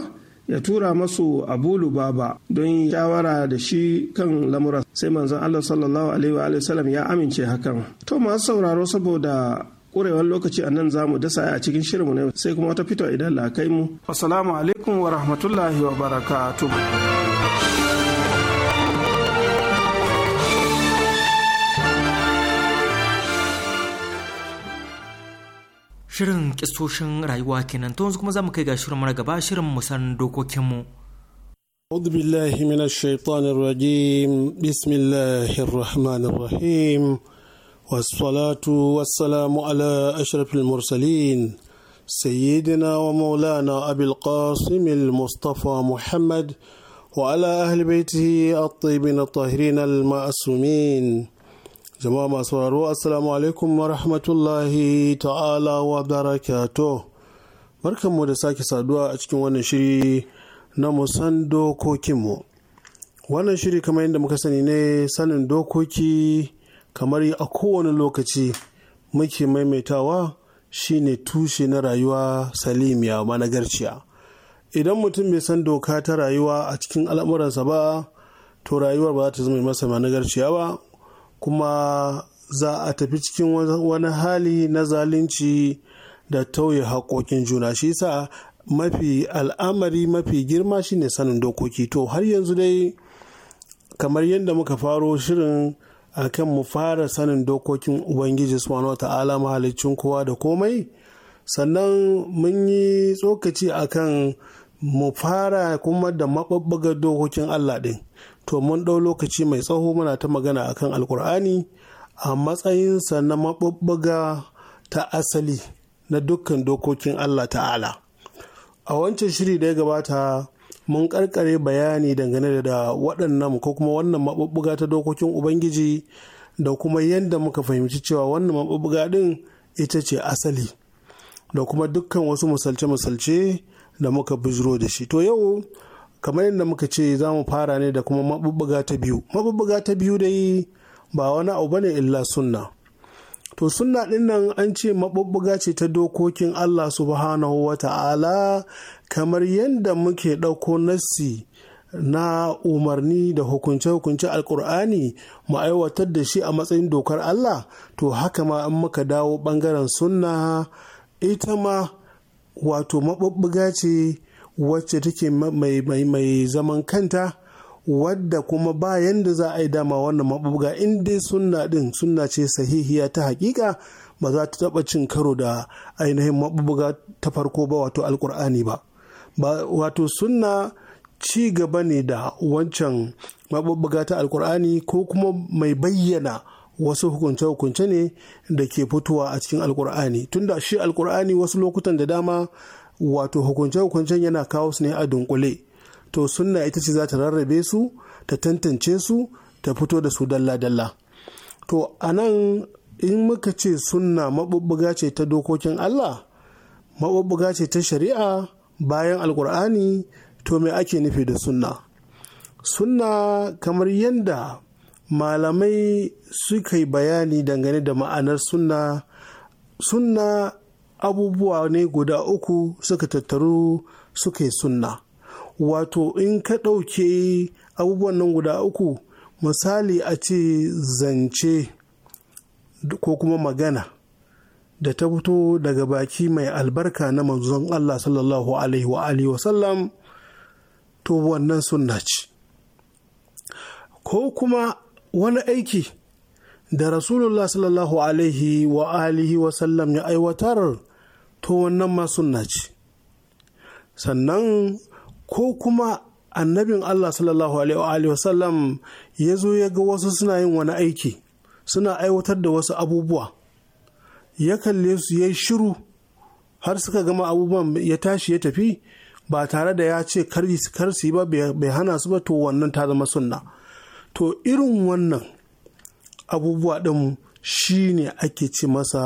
Speaker 7: ya tura masu abu lubaba don shawara da shi kan lamura sai manzon Allah sallallahu alaihi wa sallam ya amince hakan to masu sauraro saboda ƙurewar lokaci a nan za mu dasa a cikin shirinmu ne sai kuma wata fito idan la kai mu assalamu alaikum wa rahmatullahi wa barakatuh
Speaker 1: Shirin kistoshin rayuwa kenan to yanzu kuma za mu kai ga shirin mara gaba shirin musan dokokinmu.
Speaker 8: أعوذ بالله من الشيطان الرجيم بسم الله الرحمن الرحيم والصلاة والسلام على أشرف المرسلين سيدنا ومولانا أبي القاسم المصطفى محمد وعلى أهل بيته الطيبين الطاهرين المعصومين jama'a masu sauraro assalamu alaikum wa rahmatullahi ta'ala wa barakato barkanmu da sake saduwa a cikin wannan shiri na musan dokokinmu wannan shiri kamar yadda muka sani ne sanin dokoki kamar a kowane lokaci muke maimaitawa shine tushe na rayuwa salimiya managarciya idan mutum bai san doka ta rayuwa a cikin al'amuransa ba to rayuwar ba za ta zama masa managarciya ba kuma za a tafi cikin wani hali na zalunci da tauye haƙoƙin juna shi sa mafi al'amari mafi girma shine sanin dokoki to har yanzu dai kamar yadda muka faro shirin akan mu fara sanin dokokin ubangiji subhanahu wa ta'ala mahaliccin kowa da komai sannan mun yi tsokaci akan mu fara kuma da maɓaɓɓagar dokokin Allah ɗin to mun ɗau lokaci mai tsawo muna ta magana akan alkur'ani a matsayinsa na maɓuɓɓuga ta asali na dukkan dokokin allah ta'ala a wancan shiri da ya gabata mun karkare bayani dangane da waɗannan ko kuma wannan maɓuɓɓuga ta dokokin ubangiji da kuma yadda muka fahimci cewa wannan maɓuɓɓuga ɗin ita ce asali da kuma dukkan wasu misalce musalce da muka bijiro da shi to yau kamar yadda muka ce za mu fara ne da kuma mabubbuga ta biyu mabubbuga ta biyu dai ba wani abu bane illa sunna to sunna din nan an ce mabubbuga ce ta dokokin Allah subhanahu wa ta'ala kamar yadda muke ɗauko nassi na umarni da hukunce-hukunce alkur'ani mu aiwatar da shi a matsayin dokar Allah to haka ma an muka dawo bangaren sunna ita ma wato maɓuɓɓuga ce wacce take mai mai zaman kanta wadda kuma ba yadda za a yi dama wannan mabuga inda dai sunna din sunna ce sahihiya ta hakika ba za ta taba cin karo da ainihin mabuga ta farko ba wato alkur'ani ba wato sunna ci gaba ne da wancan mabuga ta alkur'ani ko kuma mai bayyana wasu hukunce-hukunce ne da ke fitowa a cikin alkur'ani tunda shi alkur'ani wasu lokutan da dama wato hukunce-hukuncen yana kawo su ne a dunkule to sunna ita ce za ta rarrabe su ta tantance su ta fito da su dalla-dalla to a nan in muka ce sunna maɓuɓɓuga ce ta dokokin allah maɓuɓɓuga ce ta shari'a bayan alkur'ani to me ake nufi da sunna sunna kamar yadda malamai suka yi bayani dangane da ma'anar sunna sunna abubuwa ne guda uku suka tattaru suka yi sunna wato in ka ɗauke abubuwan nan guda uku misali a ce zance ko kuma magana da ta fito daga baki mai albarka na manzon Allah sallallahu alaihi wa alihi wa sallam to wannan sunna ce ko kuma wani aiki da rasulullah sallallahu alaihi wa alihi wa sallam ya aiwatar to wannan ma sunna ce sannan ko kuma annabin Allah sallallahu alaihi wasallam ya zo ya ga wasu suna yin wani aiki suna aiwatar da wasu abubuwa ya kalle su ya shiru har suka gama abubuwan ya tashi ya tafi ba tare da ya ce kar su yi ba bai hana su ba to wannan ta zama sunna to irin wannan abubuwa ɗin shi ne ake ce masa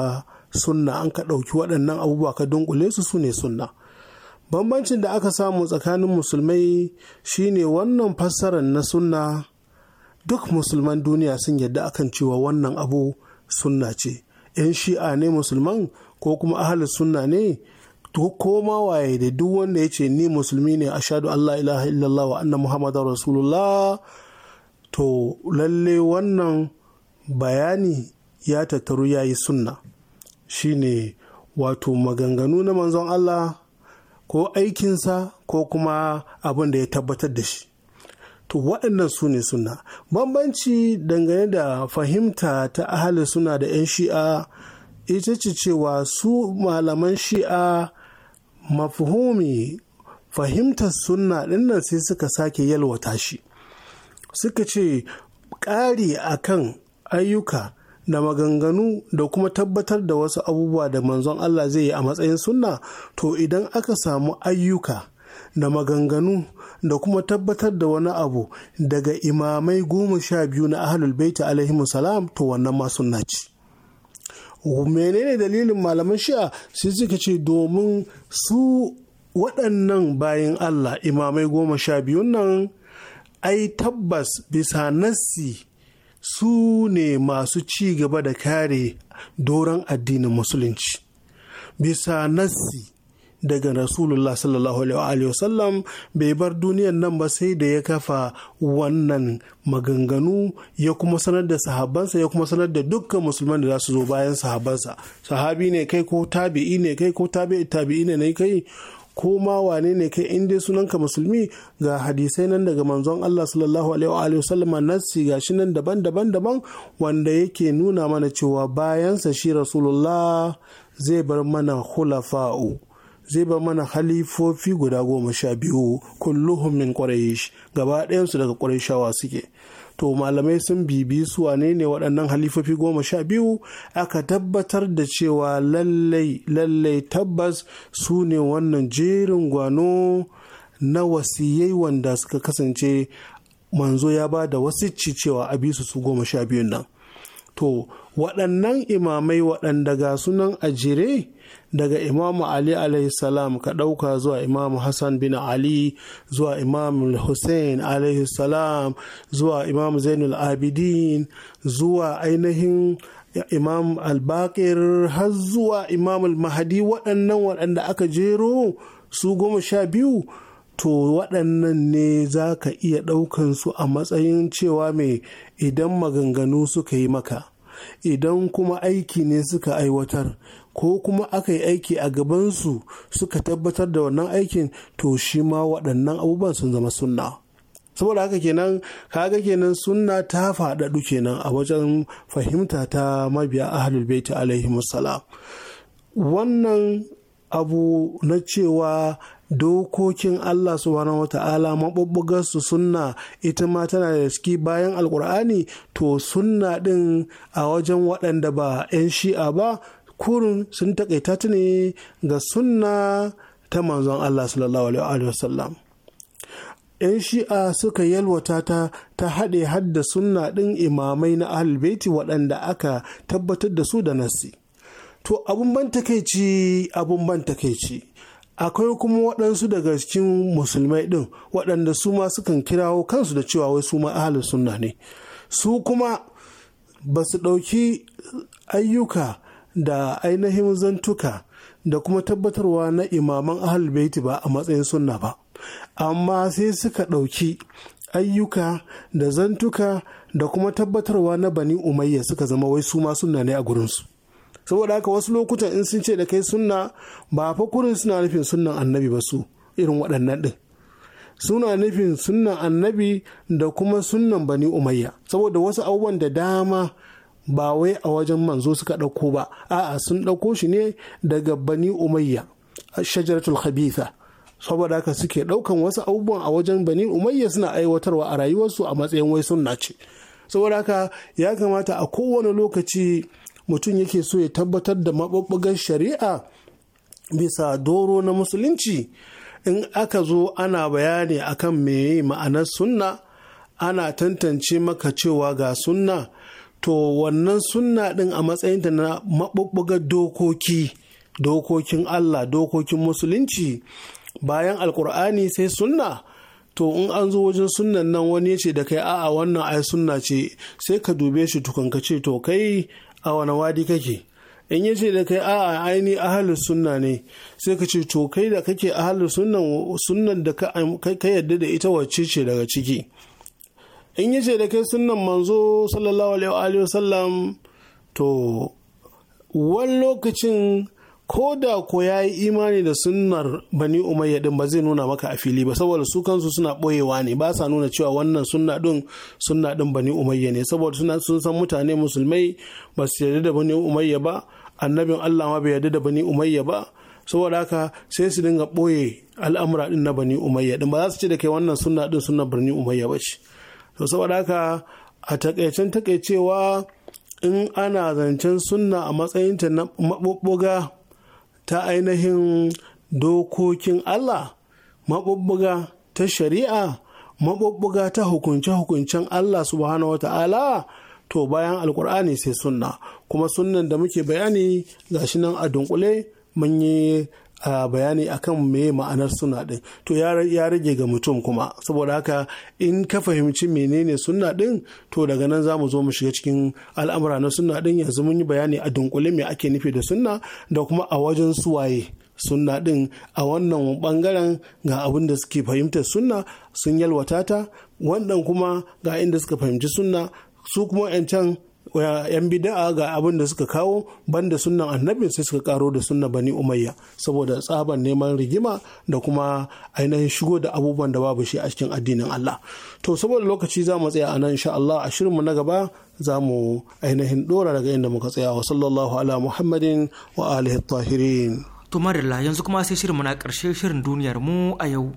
Speaker 8: sunna an ka ɗauki waɗannan abubuwa ka dunkule su su ne sunna bambancin da aka samu tsakanin musulmai shine wannan fassarar na sunna duk musulman duniya sun yadda akan cewa wannan abu sunna ce 'yan shi'a ne musulman ko kuma ahal sunna ne ko ma waye da duk wanda ya ce ni musulmi ne ashadu Allah ilaha illallah wa anna muhammadar rasulullah to lalle wannan bayani ya tattaru ya yi sunna shine wato maganganu na manzon Allah ko aikinsa ko kuma abin da ya tabbatar da shi to waɗannan su ne suna bambanci dangane da fahimta ta ahalin suna da 'yan shi'a ita ce cewa su malaman shi'a mafuhumi fahimtar suna ɗinnan sai suka sake yalwata shi suka ce ƙari akan ayyuka da maganganu da kuma tabbatar da wasu abubuwa da manzon Allah zai yi a matsayin sunna to idan aka samu ayyuka da maganganu da kuma tabbatar da wani abu daga imamai goma sha biyu na ahalul baiti alaihimu salam to wannan ma sunna ce menene dalilin malaman shi'a sai suka ce domin su waɗannan bayan Allah imamai goma sha biyun nan ai tabbas bisa nassi su ne masu ci gaba da kare doron addinin musulunci bisa nassi daga rasulullah sallallahu alaihi wasallam bai bar duniyar nan ba sai da ya kafa wannan maganganu ya kuma sanar da sahabansa ya kuma sanar da dukkan musulman da za su zo bayan sahabansa sahabi ne kai ko tabi'i ne kai ko tabi'i tabi'i ne kai ko ma wane ne kai in dai sunanka musulmi ga hadisai nan daga manzon Allah sallallahu alaihi wa sallama nassi gashi nan daban-daban daban wanda yake nuna mana cewa bayansa shi rasulullah zai bar mana khulafa'u zai bar mana halifofi guda goma sha biyu kulluhum min quraish gaba su daga quraishawa suke to malamai sun bibi su wane ne waɗannan halifofi goma sha biyu aka tabbatar da cewa lallai lallai tabbas su ne wannan jerin gwano na wasiyai wanda suka kasance manzo ya ba da ci cewa a bisu su goma sha biyun nan to waɗannan imamai waɗanda ga sunan a jere daga imamu ali salam ka ɗauka zuwa imamu hassan bin ali zuwa imamu hussein salam zuwa imamu zainul abidin zuwa ainihin imam albakir har zuwa imam mahadi waɗannan waɗanda aka jero su goma sha biyu to waɗannan ne za ka iya ɗaukan su a matsayin cewa mai idan maganganu suka yi maka idan kuma aiki ne suka aiwatar ko kuma aka yi aiki a gabansu suka tabbatar da wannan aikin to shi ma waɗannan abubuwan sun zama sunna saboda haka kenan kaga kenan sunna ta faɗaɗu kenan a wajen fahimta ta mabiya ahlul baiti alaihi wannan abu na cewa dokokin Allah subhanahu wata'ala maɓuɓɓugar su sunna ita ma tana da ski bayan alkur'ani to sunna ɗin a wajen waɗanda ba 'yan shi'a ba kurun sun takaita ta ne ga sunna ta manzon Allah sallallahu alaihi wasallam yan shi'a suka yalwata ta ta haɗe hadda sunna ɗin imamai na Albeti waɗanda aka tabbatar da su da nassi to abun ban takeici abun ban takeici akwai kuma waɗansu daga cikin musulmai ɗin waɗanda su ma sukan kirawo kansu da cewa wai su ma ahalin sunna ne su kuma ba su ɗauki ayyuka da ainihin zantuka da kuma tabbatarwa na imaman ahal baiti ba a matsayin sunna ba amma sai suka ɗauki ayyuka da zantuka da kuma tabbatarwa na bani umayya suka zama wai su ma sunna ne a gurinsu saboda haka wasu lokutan in sun ce da kai sunna ba fa kurin suna nufin sunnan annabi ba su irin waɗannan ɗin suna nufin sunnan annabi da kuma sunnan bani umayya saboda wasu abubuwan da dama ba wai a wajen manzo suka ɗauko ba a'a sun ɗauko shi ne daga bani umayya shajaratul khabitha saboda haka suke ɗaukan wasu abubuwan a wajen bani umayya suna aiwatarwa a rayuwarsu a matsayin wai sunna ce saboda haka ya kamata a kowane lokaci mutum yake so ya tabbatar da maɓaɓɓagar shari'a bisa doro na musulunci in aka zo ana bayani akan meye ma'anar sunna ana tantance maka cewa ga sunna to wannan sunna ɗin a matsayinta na maɓuɓɓugar dokoki dokokin Allah dokokin musulunci bayan alkur'ani sai sunna to in an zo wajen sunnan nan wani ya ce da kai a'a wannan ai sunna ce sai ka dube shi tukun ka ce to kai a wani wadi kake in ya ce da kai a'a aini ahalin sunna ne sai ka ce to kai da kake ahalin sunnan sunnan da ka yadda da ita wacce ce daga ciki in yace da kai sunan manzo sallallahu alaihi wa sallam to wani lokacin ko da ko ya yi imani da sunnar bani umayya din ba zai nuna maka a fili ba saboda su kansu suna boyewa ne ba sa nuna cewa wannan sunna din sunna din bani umayya ne saboda sun san mutane musulmai ba su yarda da bani umayya ba annabin Allah ma bai yarda da bani umayya ba saboda haka sai su dinga boye al'amura din na bani umayya din ba za su ce da kai wannan sunna din sunna bani umayya ba ce to saboda haka a takaicen takaicewa in ana zancen sunna a matsayinta na maɓuɓɓuga ta ainihin dokokin Allah maɓuɓɓuga ta shari'a maɓuɓɓuga ta hukunce-hukuncen Allah subhanahu wata'ala to bayan alkur'ani sai sunna kuma sunnan da muke bayani gashi nan a dunkule mun yi A bayani akan me ma'anar suna din to ya rage ga mutum kuma saboda haka in ka fahimci menene suna din to daga nan za mu zo mu shiga cikin al'amura na suna din yanzu mun yi bayani a dunkule me ake nufi da suna? da kuma a wajen suwaye suna din a wannan bangaren ga abin da suke fahimtar suna sun yalwata ta wannan kuma ga inda suka fahimci suna su kuma 'yancan yan bida'a ga abin da suka kawo banda sunnan annabin sai suka karo da sunna bani umayya saboda tsaban neman rigima da kuma ainihin shigo da abubuwan da babu shi a cikin addinin Allah to saboda lokaci za mu tsaya a nan insha Allah a shirinmu na gaba za mu ainihin dora daga inda muka tsaya wa sallallahu ala muhammadin wa alihi tahirin
Speaker 1: to yanzu kuma sai shirinmu na karshe shirin duniyar mu a yau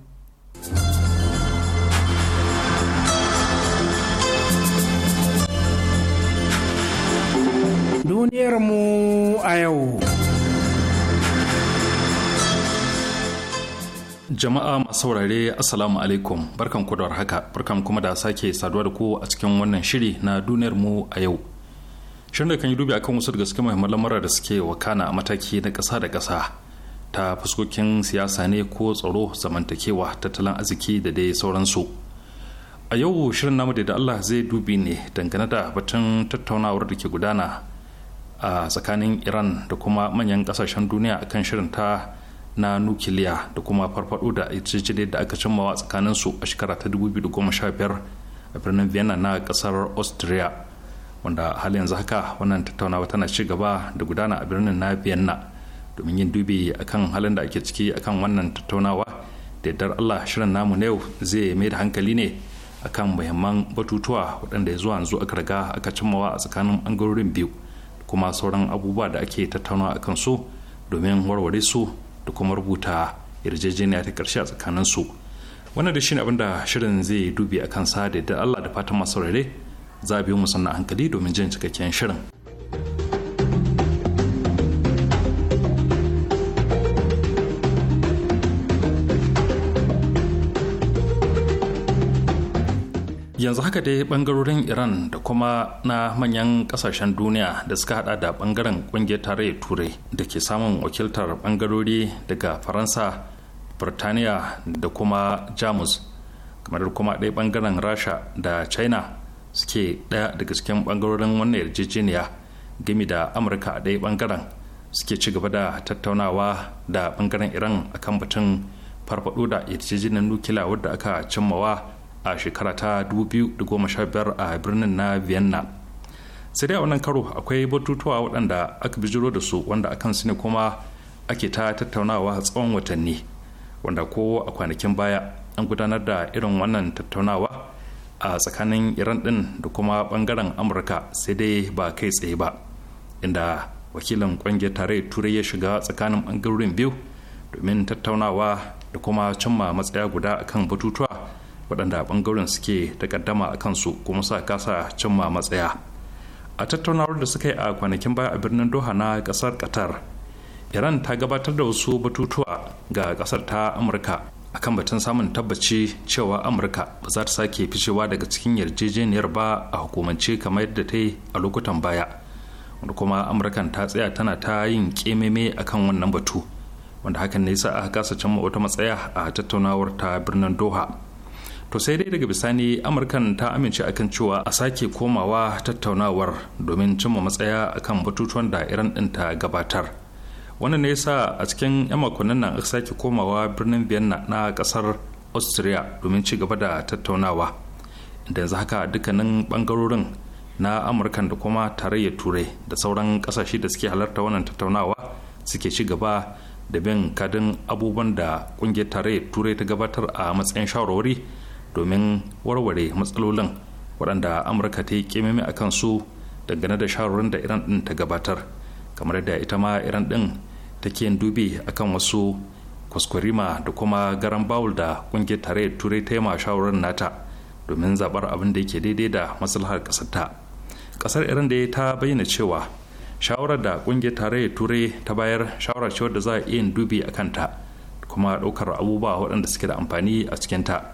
Speaker 4: duniyar mu a yau.
Speaker 3: Jama'a masu saurare Assalamu alaikum barkan ku da haka barkan kuma da sake saduwa da ku a cikin wannan shiri na duniyar mu a yau. Shirin da kan yi dubi akan wasu daga cikin muhimman lamura da suke wakana a mataki na kasa da kasa ta fuskokin siyasa ne ko tsaro zamantakewa tattalin arziki da dai sauransu. a yau shirin namu da Allah zai dubi ne dangane da batun tattaunawar da ke gudana a tsakanin iran da kuma manyan kasashen duniya akan shirin ta na nukiliya da kuma farfado da yarjejeniyar da aka cimmawa tsakanin su a shekara ta 2015 a birnin vienna na kasar austria wanda halin yanzu haka wannan tattaunawa tana ci gaba da gudana a birnin na vienna domin yin dubi akan halin da ake ciki akan wannan tattaunawa da yardar allah shirin namu na yau zai mai da hankali ne akan muhimman batutuwa waɗanda ya zuwa yanzu aka riga aka cimmawa a tsakanin ɓangarorin biyu kuma sauran abubuwa da ake tattaunawa a kansu domin warware su da kuma rubuta yarjejeniya ta karshe a tsakanin su wannan da shine abin da shirin zai dubi a kansa da Allah da fatan masu rare za a biyo mu sannan hankali domin jin cikakken shirin. yanzu haka dai bangarorin iran da kuma na manyan kasashen duniya da suka hada da bangaren kungiyar tarayyar turai da ke samun wakiltar bangarori daga faransa birtaniya da kuma jamus kamar kuma ɗaya bangaren rasha da china suke ɗaya daga cikin bangarorin wannan yarjejeniya gami da amurka a ɗaya bangaren suke ci gaba da tattaunawa da bangaren iran akan batun farfado da yarjejeniyar nukila wadda aka cimmawa a shekara ta 2015 a birnin na vienna sai dai a wannan karo akwai batutuwa waɗanda aka bijiro da su wanda a kansu ne kuma ake ta tattaunawa tsawon watanni wanda ko a kwanakin baya an gudanar da irin wannan tattaunawa a tsakanin iran din da kuma bangaren amurka sai dai ba kai tsaye ba inda wakilin kungiyar tare turai ya shiga tsakanin bangarorin biyu domin tattaunawa da kuma cimma matsaya guda akan batutuwa waɗanda ɓangaren suke takaddama a kansu kuma sa kasa cimma matsaya a tattaunawar da suka yi a kwanakin baya a birnin doha na ƙasar qatar iran ta gabatar da wasu batutuwa ga ƙasar ta amurka akan batun samun tabbaci cewa amurka ba za ta sake ficewa daga cikin yarjejeniyar ba a hukumance kamar yadda ta yi a lokutan baya wanda kuma amurkan ta tsaya tana ta yin kememe akan wannan batu wanda hakan ne sa aka kasa cimma wata matsaya a tattaunawar ta birnin doha to sai dai daga bisani amurkan ta amince akan cewa a sake komawa tattaunawar domin cimma matsaya akan batutuwan da iran ɗin ta gabatar wannan ne yasa a cikin 'yan makonnin nan aka sake komawa birnin vienna na kasar austria domin ci gaba da tattaunawa da yanzu haka dukkanin bangarorin na amurkan da kuma tarayyar turai da sauran kasashe da suke halarta wannan tattaunawa suke ci gaba da bin kadin abubuwan da kungiyar tarayyar turai ta gabatar a matsayin shawarwari domin warware matsalolin waɗanda amurka ta yi kimimi a kansu dangane da shawarwarin da iran ɗin ta gabatar kamar da ita ma iran ɗin take yin dubi akan wasu kwaskwarima da kuma garan bawul da ƙungiyar tarayyar turai ta yi ma shawarwarin nata domin zaɓar abin da yake daidai da maslahar ƙasar ta ƙasar iran da ta bayyana cewa shawarar da ƙungiyar tarayyar turai ta bayar shawara ce da za a iya yin dubi a kanta kuma ɗaukar abubuwa waɗanda suke da amfani a cikinta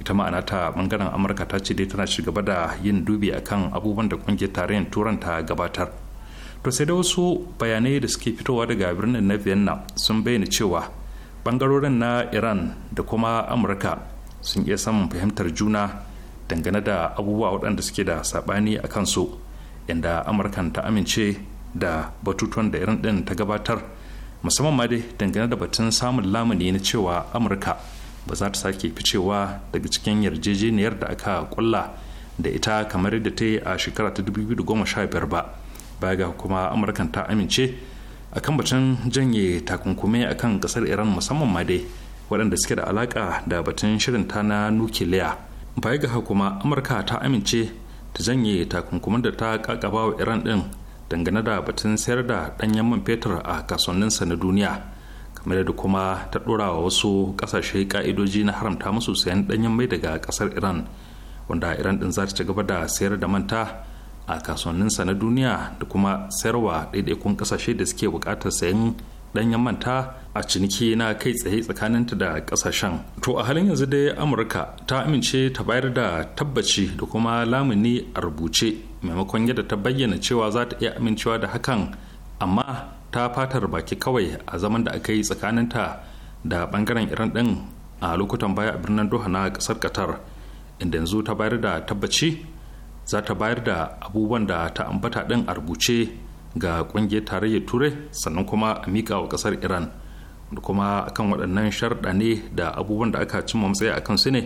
Speaker 3: ita ma'ana ta bangaren amurka ta ce dai tana shigaba da yin dubi a kan abubuwan da kungiyar tarayyar turan ta gabatar to sai da wasu bayanai da suke fitowa daga birnin na vienna sun bayyana cewa bangarorin na iran da kuma amurka sun iya samun fahimtar juna dangane da abubuwa waɗanda suke da saɓani a kansu inda amurkan ta amince da batutuwan da iran ɗin ta gabatar musamman ma dai dangane da batun samun lamuni na cewa amurka ba za ta sake ficewa daga cikin yarjejeniyar da aka kulla da ita kamar yadda ta yi a shekara ta 2015 ba baya ga kuma amurkan ta amince a kan batun janye a kan kasar iran musamman ma dai waɗanda suke da alaƙa da batun shirin ta na nukiliya baya ga kuma amurka ta amince ta janye takunkuman da ta kakaba wa iran ɗin dangane da batun sayar da ɗanyen man fetur a kasuwanninsa na duniya kamar da kuma ta dora wa wasu kasashe ka'idoji na haramta musu sayan danyen mai daga kasar iran wanda iran din za ta ci gaba da sayar da manta a kasuwanninsa na duniya da kuma sayarwa ɗaiɗaikun kasashe da suke buƙatar sayan danyen manta a ciniki na kai tsaye tsakaninta da kasashen to a halin yanzu dai amurka ta amince ta bayar da tabbaci da kuma lamuni a rubuce maimakon yadda ta bayyana cewa za ta iya amincewa da hakan amma ta fatar baki kawai a zaman da aka yi tsakaninta da bangaren iran din a lokutan baya a birnin doha na kasar qatar inda yanzu ta bayar da tabbaci za ta bayar da abubuwan da ta ambata din a rubuce ga kungiyar tarayyar turai sannan kuma a miƙa wa kasar iran da kuma akan waɗannan sharɗa ne da abubuwan da aka cimma matsayi a kansu ne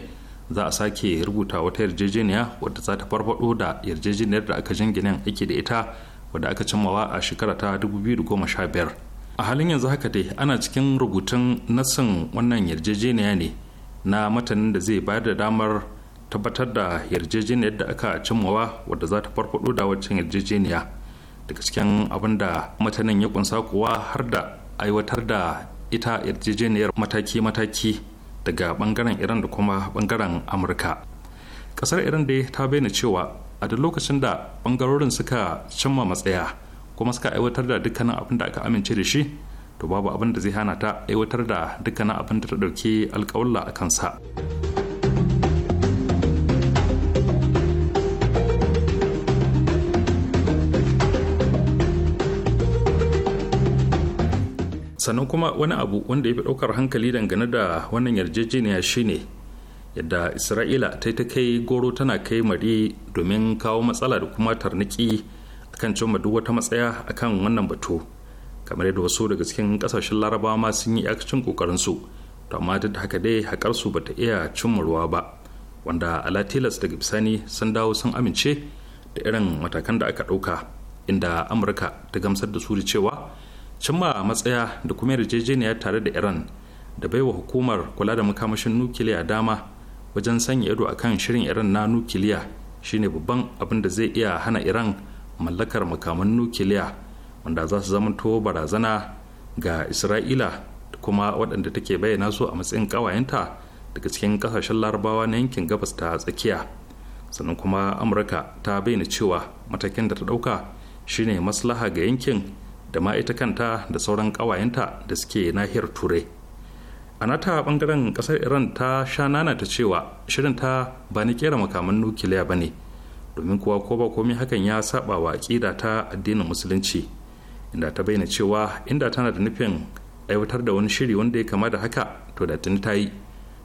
Speaker 3: za a sake rubuta wata yarjejeniya wadda za ta farfaɗo da yarjejeniyar da aka jinginin ake da ita wadda aka cimmawa a shekara ta 2015 a halin yanzu haka dai ana cikin rubutun nasin wannan yarjejeniya ne na matanin da zai bayar da damar tabbatar da yarjejeniyar da aka cimmawa wadda za ta farfado da waccan yarjejeniya daga cikin abin da matanin ya kunsa kuwa har da aiwatar da ita yarjejeniyar mataki-mataki daga bangaren iran da kuma bangaren amurka kasar iran dai ta bayyana cewa a duk lokacin da bangarorin suka cimma matsaya kuma suka aiwatar da dukkanin abin da aka amince da shi to babu abin da zai hana ta aiwatar da dukkanin abin da ta ɗauki alkawalla a kansa. sannan kuma wani abu wanda ya fi ɗaukar hankali dangane da wannan yarjejeniya shine yadda isra'ila ta ta kai goro tana kai mari domin kawo matsala da kuma tarniki akan cimma duk wata matsaya kan wannan batu kamar yadda wasu daga cikin kasashen laraba ma sun yi yakacin kokarin su to amma duk da haka dai hakar su bata iya cimma ruwa ba wanda ala tilas daga bisani sun dawo sun amince da irin matakan da aka ɗauka inda amurka ta gamsar da su da cewa cimma matsaya da kuma yarjejeniya tare da iran da baiwa hukumar kula da makamashin nukiliya dama wajen sanya ido kan shirin iran na nukiliya shine babban abin da zai iya hana iran mallakar makaman nukiliya wanda za su zamanto barazana ga isra'ila da kuma waɗanda take bayyana su a matsayin ƙawayenta daga cikin ƙasashen larabawa na yankin gabas ta tsakiya sannan kuma amurka ta bayyana cewa matakin da ta ɗauka shine maslaha ga yankin da ma ita kanta da sauran ƙawayenta da suke nahiyar turai a nata bangaren kasar iran ta sha nana ta cewa shirin ta ba ni kera makaman nukiliya ba ne domin kuwa ko ba komai hakan ya saba wa aƙida ta addinin musulunci inda ta bayyana cewa inda tana da nufin aiwatar da wani shiri wanda ya kama da haka to da tuni ta yi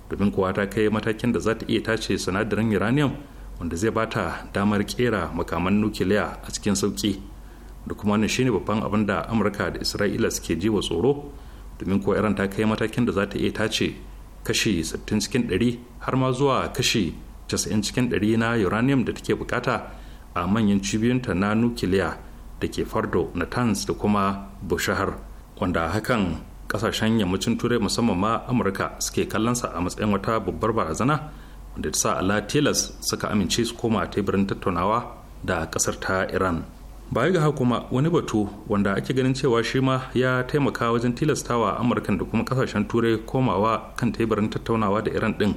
Speaker 3: domin kuwa ta kai matakin da za ta iya tace sinadarin uranium wanda zai bata damar kera makaman nukiliya a cikin sauki da kuma wannan shine babban abin da amurka da isra'ila suke ji wa tsoro domin ko iran ta kai matakin da za ta iya tace kashi 60 cikin 100 har ma zuwa kashi 90 cikin 100 na uranium da take bukata a manyan cibiyunta na nukiliya da ke fardo tans da kuma bushahar wanda hakan kasashen yammacin turai musamman ma amurka suke kallonsa a matsayin wata babbar barazana wanda ta sa ala tilas suka amince su koma teburin tattaunawa da kasar ta iran baya ga kuma wani batu wanda ake ganin cewa shi ma ya taimaka wajen tilastawa amurka da kuma kasashen turai komawa kan teburin tattaunawa da iran din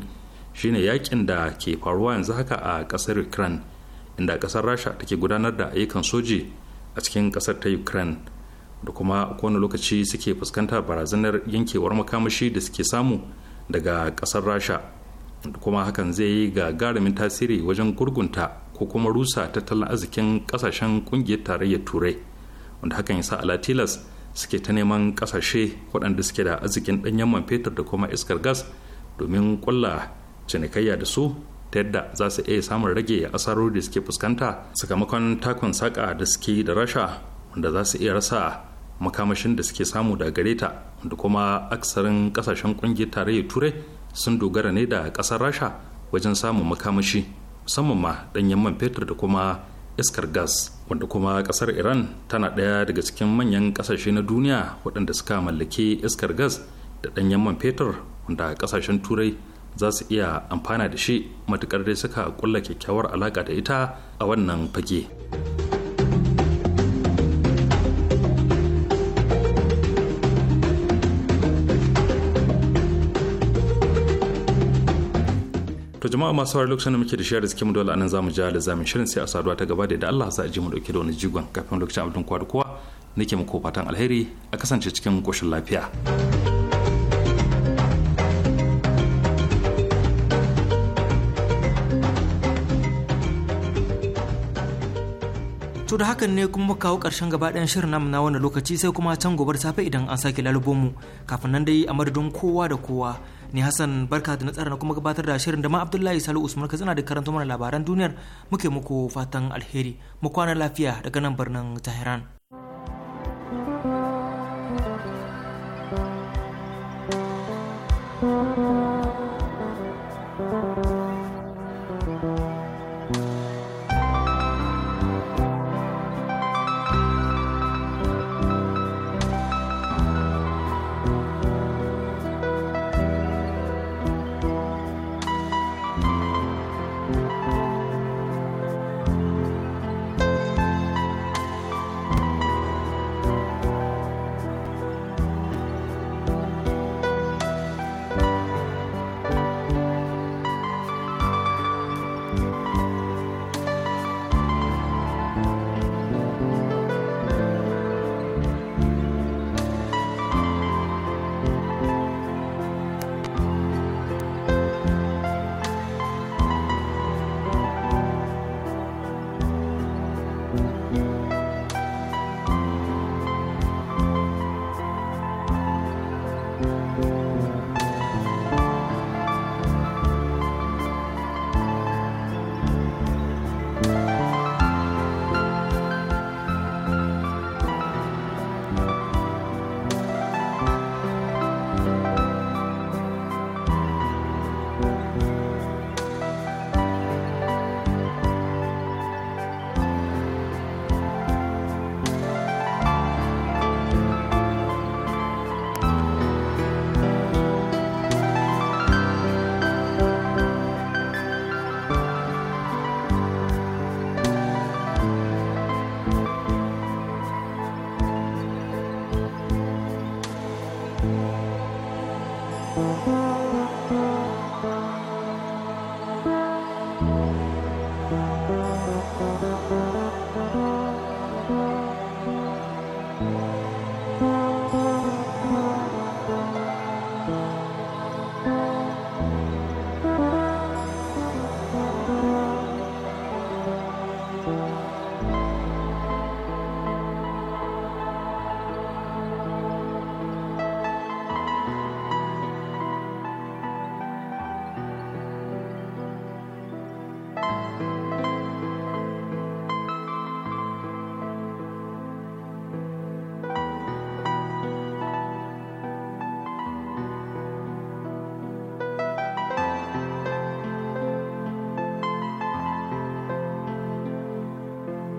Speaker 3: shine yakin da ke faruwa yanzu haka a kasar ukraine inda kasar rasha take gudanar da ayyukan soji a cikin kasar ta ukraine da kuma kowane lokaci suke fuskantar barazanar yankewar makamashi da suke samu daga kasar rasha da kuma hakan zai yi ga gagarumin tasiri wajen gurgunta ko kuma rusa tattalin arzikin kasashen kungiyar tarayyar turai wanda hakan yasa alatilas suke ta neman kasashe waɗanda suke da arzikin ɗanyen man fetur da kuma iskar gas domin ƙulla cinikayya da su ta yadda za su iya samun rage asarori da suke fuskanta sakamakon takon saƙa da suke da rasha wanda za su iya rasa makamashin da suke samu da gare ta da kuma aksarin kasashen kungiyar tarayyar turai sun dogara ne da ƙasar rasha wajen samun makamashi musamman ma ɗanyen man fetur da kuma iskar gas wanda kuma ƙasar iran tana ɗaya daga cikin manyan ƙasashe na duniya waɗanda suka mallake iskar gas da ɗanyen man fetur wanda ƙasashen turai za su iya amfana da shi matuƙar dai suka ƙulla kyakkyawar alaƙa da ita a wannan fage. jama'a masu saurari lokacin da muke da shirin cikin dole anan zamu ji da zamin shirin sai a saduwa ta gaba da Allah za a ji mu dauke da wani jigon kafin lokacin abin kwa kuwa nake muku fatan alheri a kasance cikin koshin lafiya.
Speaker 1: To da hakan ne kuma kawo karshen gaba ɗayan shirin namu na wannan lokaci sai kuma can gobar safe idan an sake lalubo mu kafin nan dai a madadin kowa da kowa ni hassan barka da natsara na kuma gabatar da shirin da ma abdullahi salu usman ka zana da karanta mana labaran duniyar muke muku fatan alheri mu kwana lafiya daga nan birnin tehran